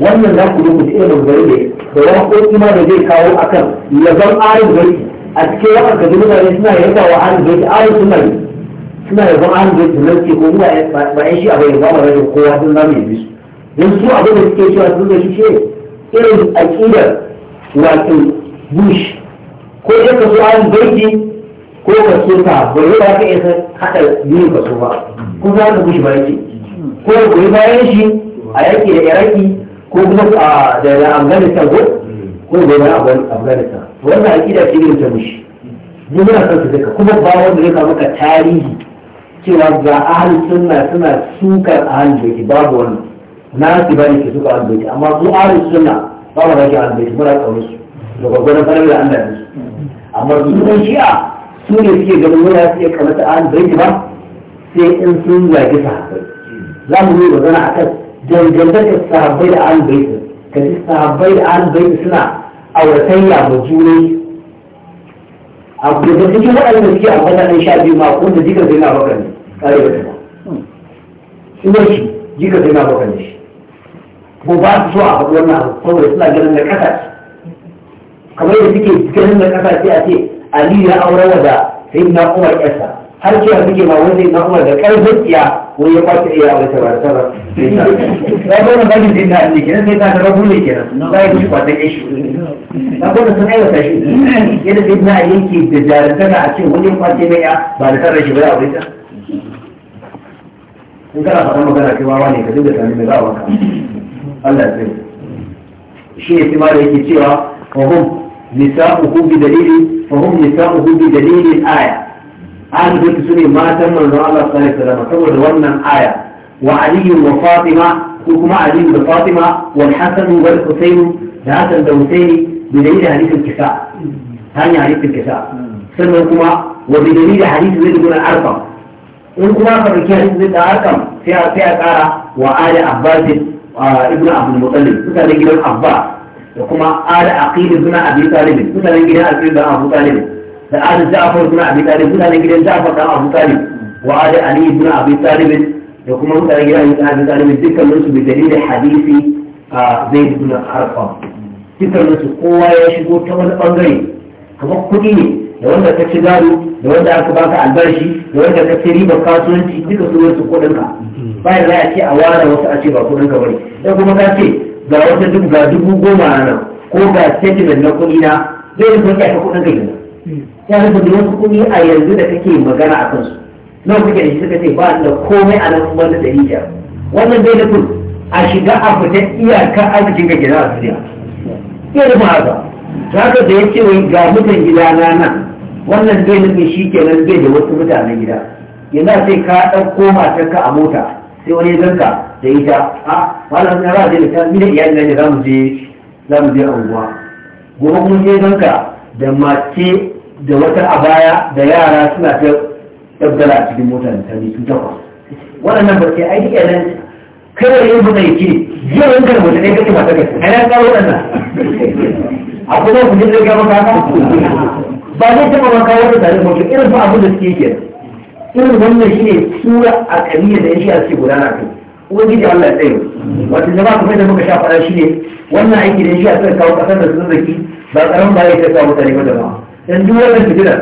yankin wannan za ku rubuta irin rubutu ne da waƙoƙi ma da zai kawo akan yazan arin baiti a cikin waɗanda mutane suna yaba wa arin baiti arin suna yi suna yaban arin baiti nan ce ko muna ba yan shi a bai ba mu rage kowa sun zamu yabe su don su abin da suke cewa sun da shi ce irin aƙidar wato bush ko ya ka so an baiti ko ka so ta bai ba ka isa hada biyu ka so ba ko za ka gushi bayan ce ko ya goyi bayan shi a yaƙi da iraki ko kuma da afghanistan ko ko ya goyi bayan afghanistan wannan aƙida ce ne ta mushi mu muna son su duka kuma ba wanda samu ka tarihi cewa ga ahal sunna suna sukar da baiti babu wannan na su bani ke suka ahli baiti amma su ahal sunna ba mu rage ahli baiti muna kaunar su da gwagwaran farar da da su. amma zuwan shi'a su ne suke ganin wani su iya kamata an bai ba sai in sun zagi sahabbai za mu yi magana a kan dangantakar sahabbai da an bai ka ji sahabbai da an bai suna auratayya ma junai a gudu cikin waɗanda suke a wajen sha biyu ma wanda jikar zai na bakar ne kare da kuma sunan shi jikar zai na bakar ne ko ba su so a faɗi wannan abu saboda suna ganin da kasa kamar yadda suke cikin da kasa sai a ce ali ya aure wa sai na umar yasa har cewa suke ma wanda sayyidina umar da karfin tsiya wani ya kwace iya aure ta ba ta ba ya ga wannan bani din da ali kenan sai ka rabu ne kenan ba ya ci kwatan shi ta gwada sun aiwata shi yadda sayyidina ali yake da jarantaka a ce wani ya kwace mai ya ba da tarar shi ba ya aure ta in kana faɗa magana kai wawa ne ka dinga tani mai bawa ka Allah ya tsaye shi ne sai ma da yake cewa wa نساؤه بدليل فهم نساؤه بدليل الآية أهل بيت سني ما تم الله صلى الله عليه وسلم تقول روانا آية وعلي وفاطمة وكما علي وفاطمة والحسن والحسين ذات الدوسين بدليل حديث الكساء ثاني حديث الكساء سنة كما وبدليل حديث زيد بن أرقم وكما كما فبكي حديث زيد أرقم فيها فيها كارا وآل أباس آه، ابن عبد المطلب فكان يجيب الأباس da kuma ala aqil suna abi talib mutanen gidan aqil da abu talib da ala ja'far suna abi talib mutanen gidan ja'far da abu talib wa ala ali suna abi talib da kuma mutanen gidan abi talib dukkanin su bi dalilin hadisi a zaid ibn arqam dukkanin su kowa ya shigo ta wani bangare Kuma kuɗi ne da wanda ka ci gado da wanda aka baka albashi da wanda ka ci riba kasuwanci duka su wasu kuɗinka bayan za a ce a ware wasu a ce ba kuɗinka bane dan kuma ka ce ga wata duk ga dubu goma a ko ga sentiment na kuɗi na zai rufe ya ka kuɗin gari ya rufe da wasu kuɗi a yanzu da kake magana a kansu nawa kuke da shi suka ce ba da komai a nan wanda ɗari biyar wannan zai nufin a shiga a fita iyakar arzikin ga gida a duniya iya rufe haka za ka da ya ce wai ga mutan gida na nan wannan zai nufin shi kenan zai da wasu mutanen gida yanzu sai ka ɗauko matarka a mota sai wani zanka da ita a wannan sun yara da ita ni da iyali ne za mu je za mu je unguwa. gobe mun je ganka da mace da wata a baya da yara suna ta tabbala a cikin mota da tani su takwas waɗannan ba ce ai a nan kawai yin buɗe ke yau yin karbo da ɗaya kake ba take ai na kawo waɗannan a kuma ku je da gaba ka ba zai taɓa ba kawo da tare mutum irin ba abin da suke ke irin wannan shi ne sura a kabila da ya shi a suke gudana kai ubangiji Allah tsaye wato jama'a kuma da muka sha fara shi ne wannan aiki da shi a kan kawo kasar da su zaki ba karamin ba ya ta kawo mutane ba jama'a dan duk wannan fitina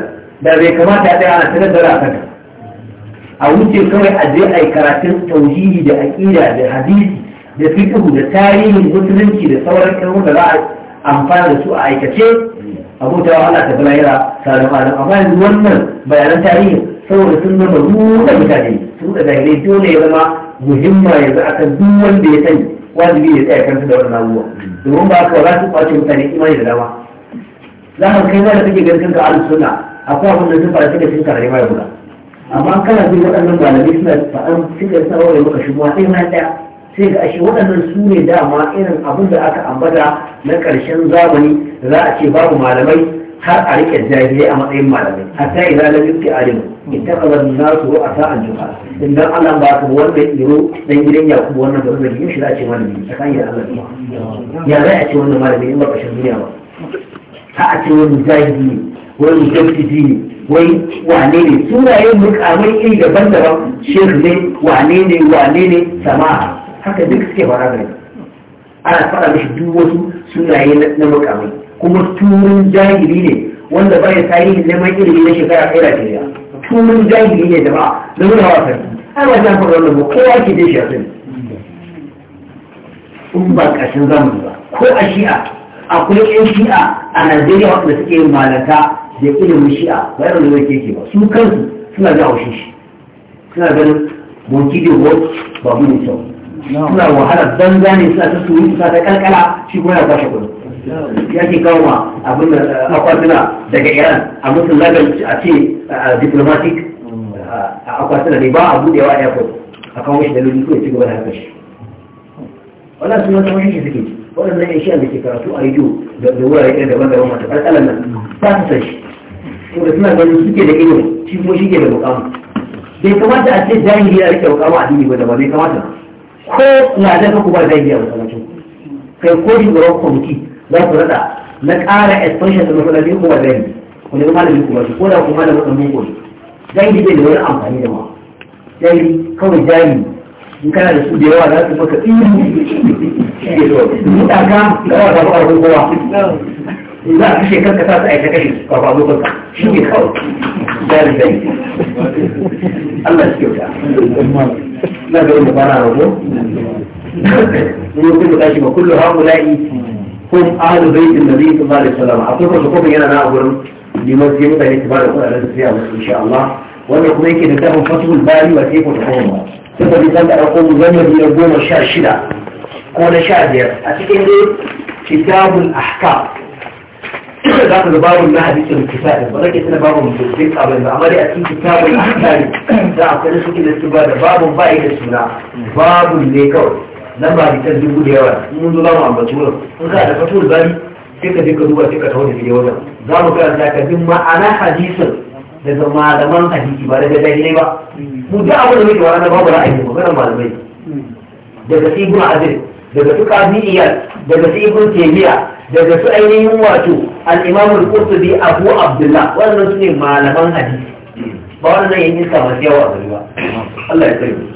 da bai kamata a tsaya ana tare da ra'a a wuce kawai a je a yi karatun tauhidi da aƙida da hadisi da fiqhu da tarihin musulunci da sauran kalmomin da za a amfana da su a aikace abutawa Allah ta balayira salam alam amma yanzu wannan bayanan tarihin saboda sun zama da mutane su da jahilai dole ya zama ya himma yanzu a kan duk wanda ya sani wajibi ya tsaya kansa da wani abubuwa domin ba haka za su kwace mutane imani da dama za ka kai wanda da kake ganin kanka al sunna akwai abin da zuba suka shi karare ma ya buga amma kana bin waɗannan malamai suna faɗan suka sa wani maka shigo sai ɗaya ɗaya sai ga ashe waɗannan su ne dama irin abin da aka ambata na ƙarshen zamani za a ce babu malamai har a rike jahiliya a matsayin malamai hatta idza lam yuti alim su a nasu asa'an in idan Allah ba ka wanda yiro dan gidan Yakubu wannan ba zai yi shi da ce malami tsakanin Allah ya zai a ce wannan malami in ba ka duniya ba ta a ce wani jahili wani mujaddidi ne wai wane ne sunaye mukamai iri daban-daban shehu ne wane ne wane ne sama haka duk suke fara gari ana fara mishi duk wasu sunaye na mukamai kuma turin jahili ne wanda baya tarihin neman ilimi na shekara ɗaya da ɗaya turin jahili ne da ba da nuna wa sarki ai ba ta faɗa wannan ba kowa ke da shi a sani in ba ƙashin zamani ba ko a shi'a akwai ƴan shi'a a najeriya waɗanda suke yin malata da ilimin shi'a ba yaron da yake ba su kansu suna da haushin shi suna ganin bonki da wot babu ne kyau suna wahala banza ne suna ta surutu suna ta kalkala shi kuma ya kwashe kuɗi ya ke kawo ma abin da eh, akwatuna daga iran a mutum lagar a ce a eh, eh, diplomatic a akwatuna ne ba a budewa airport a kawo shi da lullu ko ya ci gaba da haka shi wannan suna ta mashi suke waɗannan yan shi da ke karatu a yiwu da wurare ɗaya daban-daban mata ƙarƙalar nan ba su san shi saboda suna ganin suke da ilimin shi kuma shi ke da mukamu bai kamata a ce jahili ya rike mukamu a dini ba da ba bai kamata ko na daga kuma jahili a mukamacin kai ko shugaban kwamiti za ku rada na ƙara expansion da mafi biyu kuma zai ku nemi malamin kuma shi ko da kuma malamin ɗan boko zai yi bai da wani amfani da ma zai kawai jari in kana da su da yawa za su maka tsiri da ka da ba ba kowa za a kashe kanka sa su aika kashe ba ba lokacin ka shi ne kawai jari zai Allah shi kyauta na ga wani ba na rago ne kuma kullu haula'i هم أهل بيت النبي صلى الله عليه وسلم أطلق لكم هنا أنا أقول لمن في مدى الاعتبار يقول إن شاء الله وأنا كم نتاهم تكون فتح الباري وتيكون ثم سبب لذلك أقول لم يكون الشاء الشدع كون شاء دير دي كتاب الأحكام za الباب babu na hadisin kitabin ba باب tana babu musulmin abin da amari a cikin kitabin akari za a باب suke da su ba nan ba da dubu da yawa in mun zo za mu ambaci wurin in ka da fatul bari sai ka je ka duba sai ka tawo da fiye wajen za mu karanta ka bin ma'ana hadisin daga malaman hadisi ba daga dalilai ba mu da abin da muke wa na babu ra'ayi ba maganar malamai daga su ibn azir daga su qadiyya daga su ibn taymiya daga su ainihin wato al-imam al-qurtubi abu abdullah wannan su ne malaman hadisi ba wannan yayin iska masu yawa a gari ba Allah ya tsare